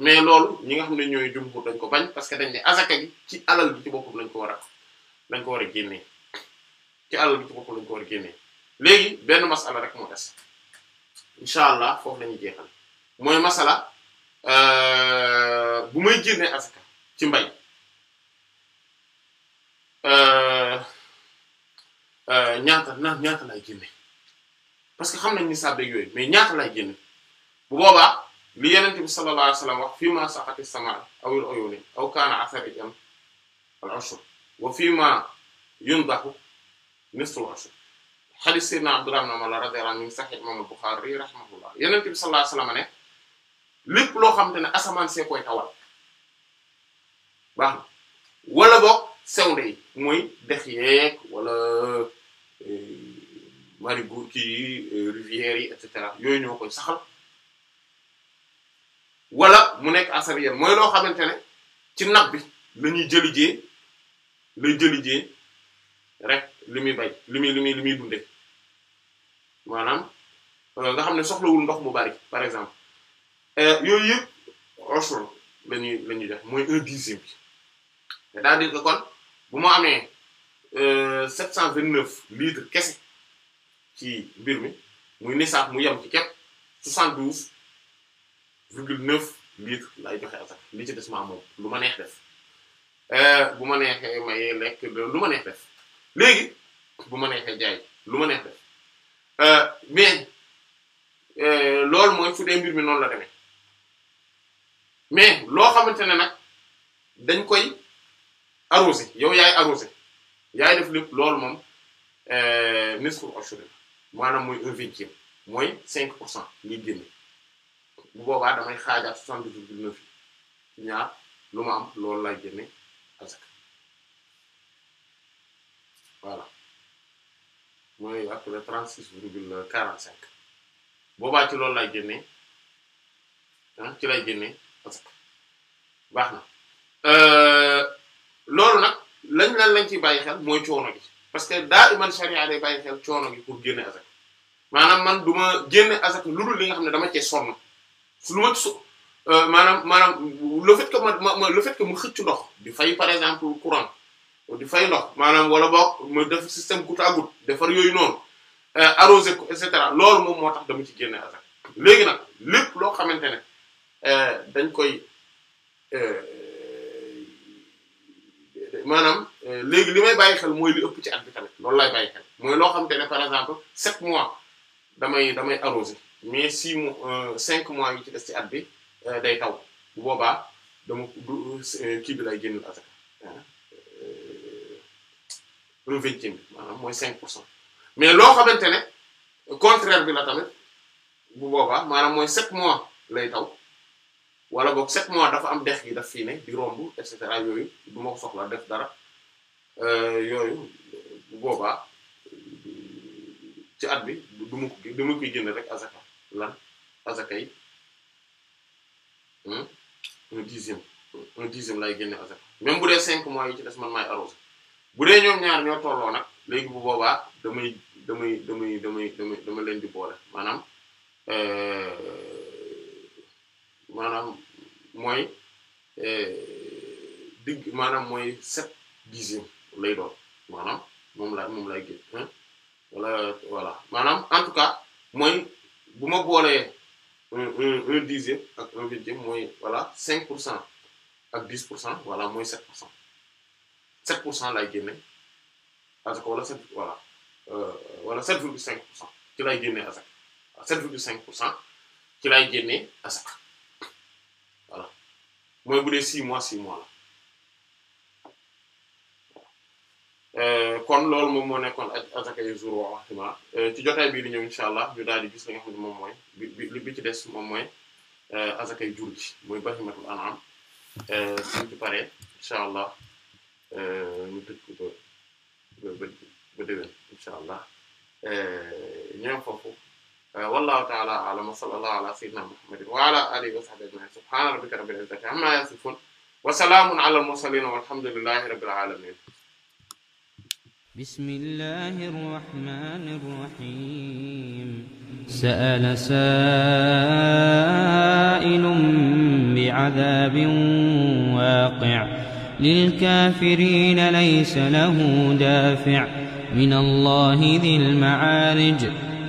mais loolu ñi nga xam ne ñooy jumhur dañ ko bañ parce que dañ ne azaka gi ci alal gi ci boppam lañ ko war a lañ ko war a génnee ci alal gi ci boppam lañ ko war a génnee léegi benn masala rek moo des incha allah foofu la ñuy mooy masala euh, bu may génnee asaka ci mbay euh, euh, ñaata na ñaata laay génne parce que xam nañ ni sàbbeeg yooyu mais ñaata bu boobaa li yenente bi sallallahu alayhi wasallam ma saqati sama awil oyuni aw kaana asar ijam al ashur wa fii ma yundahu nisful ashur hadith sayyidina abdurrahman mala radiyallahu anhu min sahih imam al bukhari rahimahullah yenente bi sallallahu alayhi wasallam ne lépp loo xamante ne asamaan see koy tawal baax na wala boog sewnde yi mooy dex yeeg wala euh, marigoût ki yi euh, rivières yi et cetera yooyu ñoo koy saxal wala mu nekk asariya mooy loo xamante ne ci nag bi la ñuy jëlijee lay jëlijee rek li muy bay li muy li muy li muy dunde maanaam euh, nga xam ne soxlawul ndox mu bari par exemple Euh, yooyu yëpp ushr lañuy ñuy la def mooy un dixième bi c'est-à-dire kon bu ma amee euh, sept cent vingt neuf litres kese ci mbir mi muy nisaab mu yem ci képp soixante douze virgule neuf litres lay joxe attaque li ci des ma moom lu ma neex def euh, bu ma neexee may lekk lu ma neex def léegi bu ma neexee jaay lu ma neex def mais loolu mooy fu dee mbir mi noonu la demee mais loo xamante ne nag dañ koy arrosé yow yaay arrosé yaay def lépp loolu moom euh, nisfu ushri maanaam mooy un mooy cinq pour cent ñuy génne bu boobaa damay xaajaat soixante dix virgule neuf yi ñaar lu ma am loolu laay génne azak voilà mooy après trente six virgule quarante cinq boobaa ci loolu laay génne ci lay génne parce que baax na euh, loolu nag lañ lan lañ ci bàyyi xel mooy coono gi parce que daa man sharia day bàyyi xel coono gi pour génne azak maanaam man du ma génne azak lu dul li nga xam ne dama cee sonn su lu ma ci so euh, maanaam maanaam le fait que ma mu xëcc ndox di fay par exemple courant di fay ndox maanaam wala boog ma def système goutte à defar yooyu noonu euh, arrosé ko et cetera loolu moom moo tax dama ci génne azak léegi nag lépp loo xamante ne. dañ koy maanaam léegi li may bàyyi xel mooy li ëpp ci at bi tamit loolu lay bàyyi xel mooy loo xamante ne par exemple sept mois damay damay arrosé mais six mois euh, cinq mois ngi ci des ci at bi euh, day taw bu boobaa dama du euh, kii bi lay génnul asaka un vingtième bi maanaam mooy cinq pour cent mais loo xamante ne contraire bi la tamit bu boobaa maanaam mooy sept mois lay taw wala boog sept mois dafa am dex gi daf fii ne di romb et cetera yooyu du ma ko soxla def dara euh, yooyu boobaa ci at bi du ma ko du rek azaka lan azaka yi hmm? un dixième un dixième lay génne azaka même bu dee cinq mois yi ci des man maay arrosé bu dee ñoom ñaar ñoo tolloo nag léegi bu boobaa damay damay damay damay damay dama leen di boole maanaam euh, maanaam mooy eh, digg maanaam mooy sept dixième lay doon maanaam moom la moom lay gën wala voilà maanaam en tout cas mooy bu ma boolee un dixième ak un vingtième mooy wala cinq pour cent ak dix pour cent wala mooy sept pour cent sept pour cent lay génne asaka wala sept voilà euh, wala sept virgule cinq pour cent ci lay génne asaka sept cinq cent ci lay génne asaka mooy bu dee six mois six mois la euh, kon loolu moom moo nekkoon azaka yu zuur wa waxtima euh, ci jotaay bii di ñëw incha allah ñu daal di gis li xam ne moom mooy bi bi ci des moom mooy euh, azaka yu jur gi mooy bahimatul an'am suñ ci paree incha allah ñu tëj ba ba ba déwén incha allah ñoom foofu. Uh, wallahu ta'ala a'lam wa sallallahu ala sayyidina muhammadin wa ala alihi wa sahbihi ajma'in subhana rabbika rabbil izzati amma yasifun wa salamun ala al-mursalin walhamdulillahi rabbil alamin بسم الله الرحمن الرحيم سأل سائل بعذاب واقع للكافرين ليس له دافع من الله ذي المعارج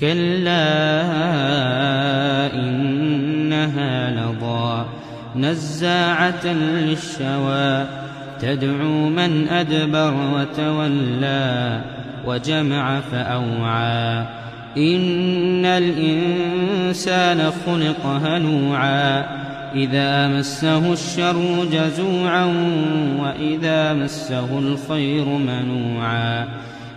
كلا إنها لظى نزاعة للشوى تدعو من أدبر وتولى وجمع فأوعى إن الإنسان خلق هلوعا إذا مسه الشر جزوعا وإذا مسه الخير منوعا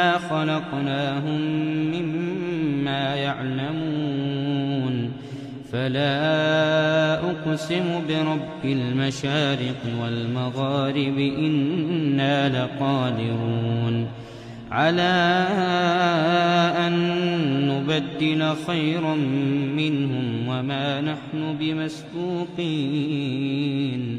إِنَّا خَلَقْنَاهُمْ مِمَّا يَعْلَمُونَ فَلَا أُقْسِمُ بِرَبِّ الْمَشَارِقِ وَالْمَغَارِبِ إِنَّا لَقَادِرُونَ على أن نبدل خيرا منهم وما نحن بمسبوقين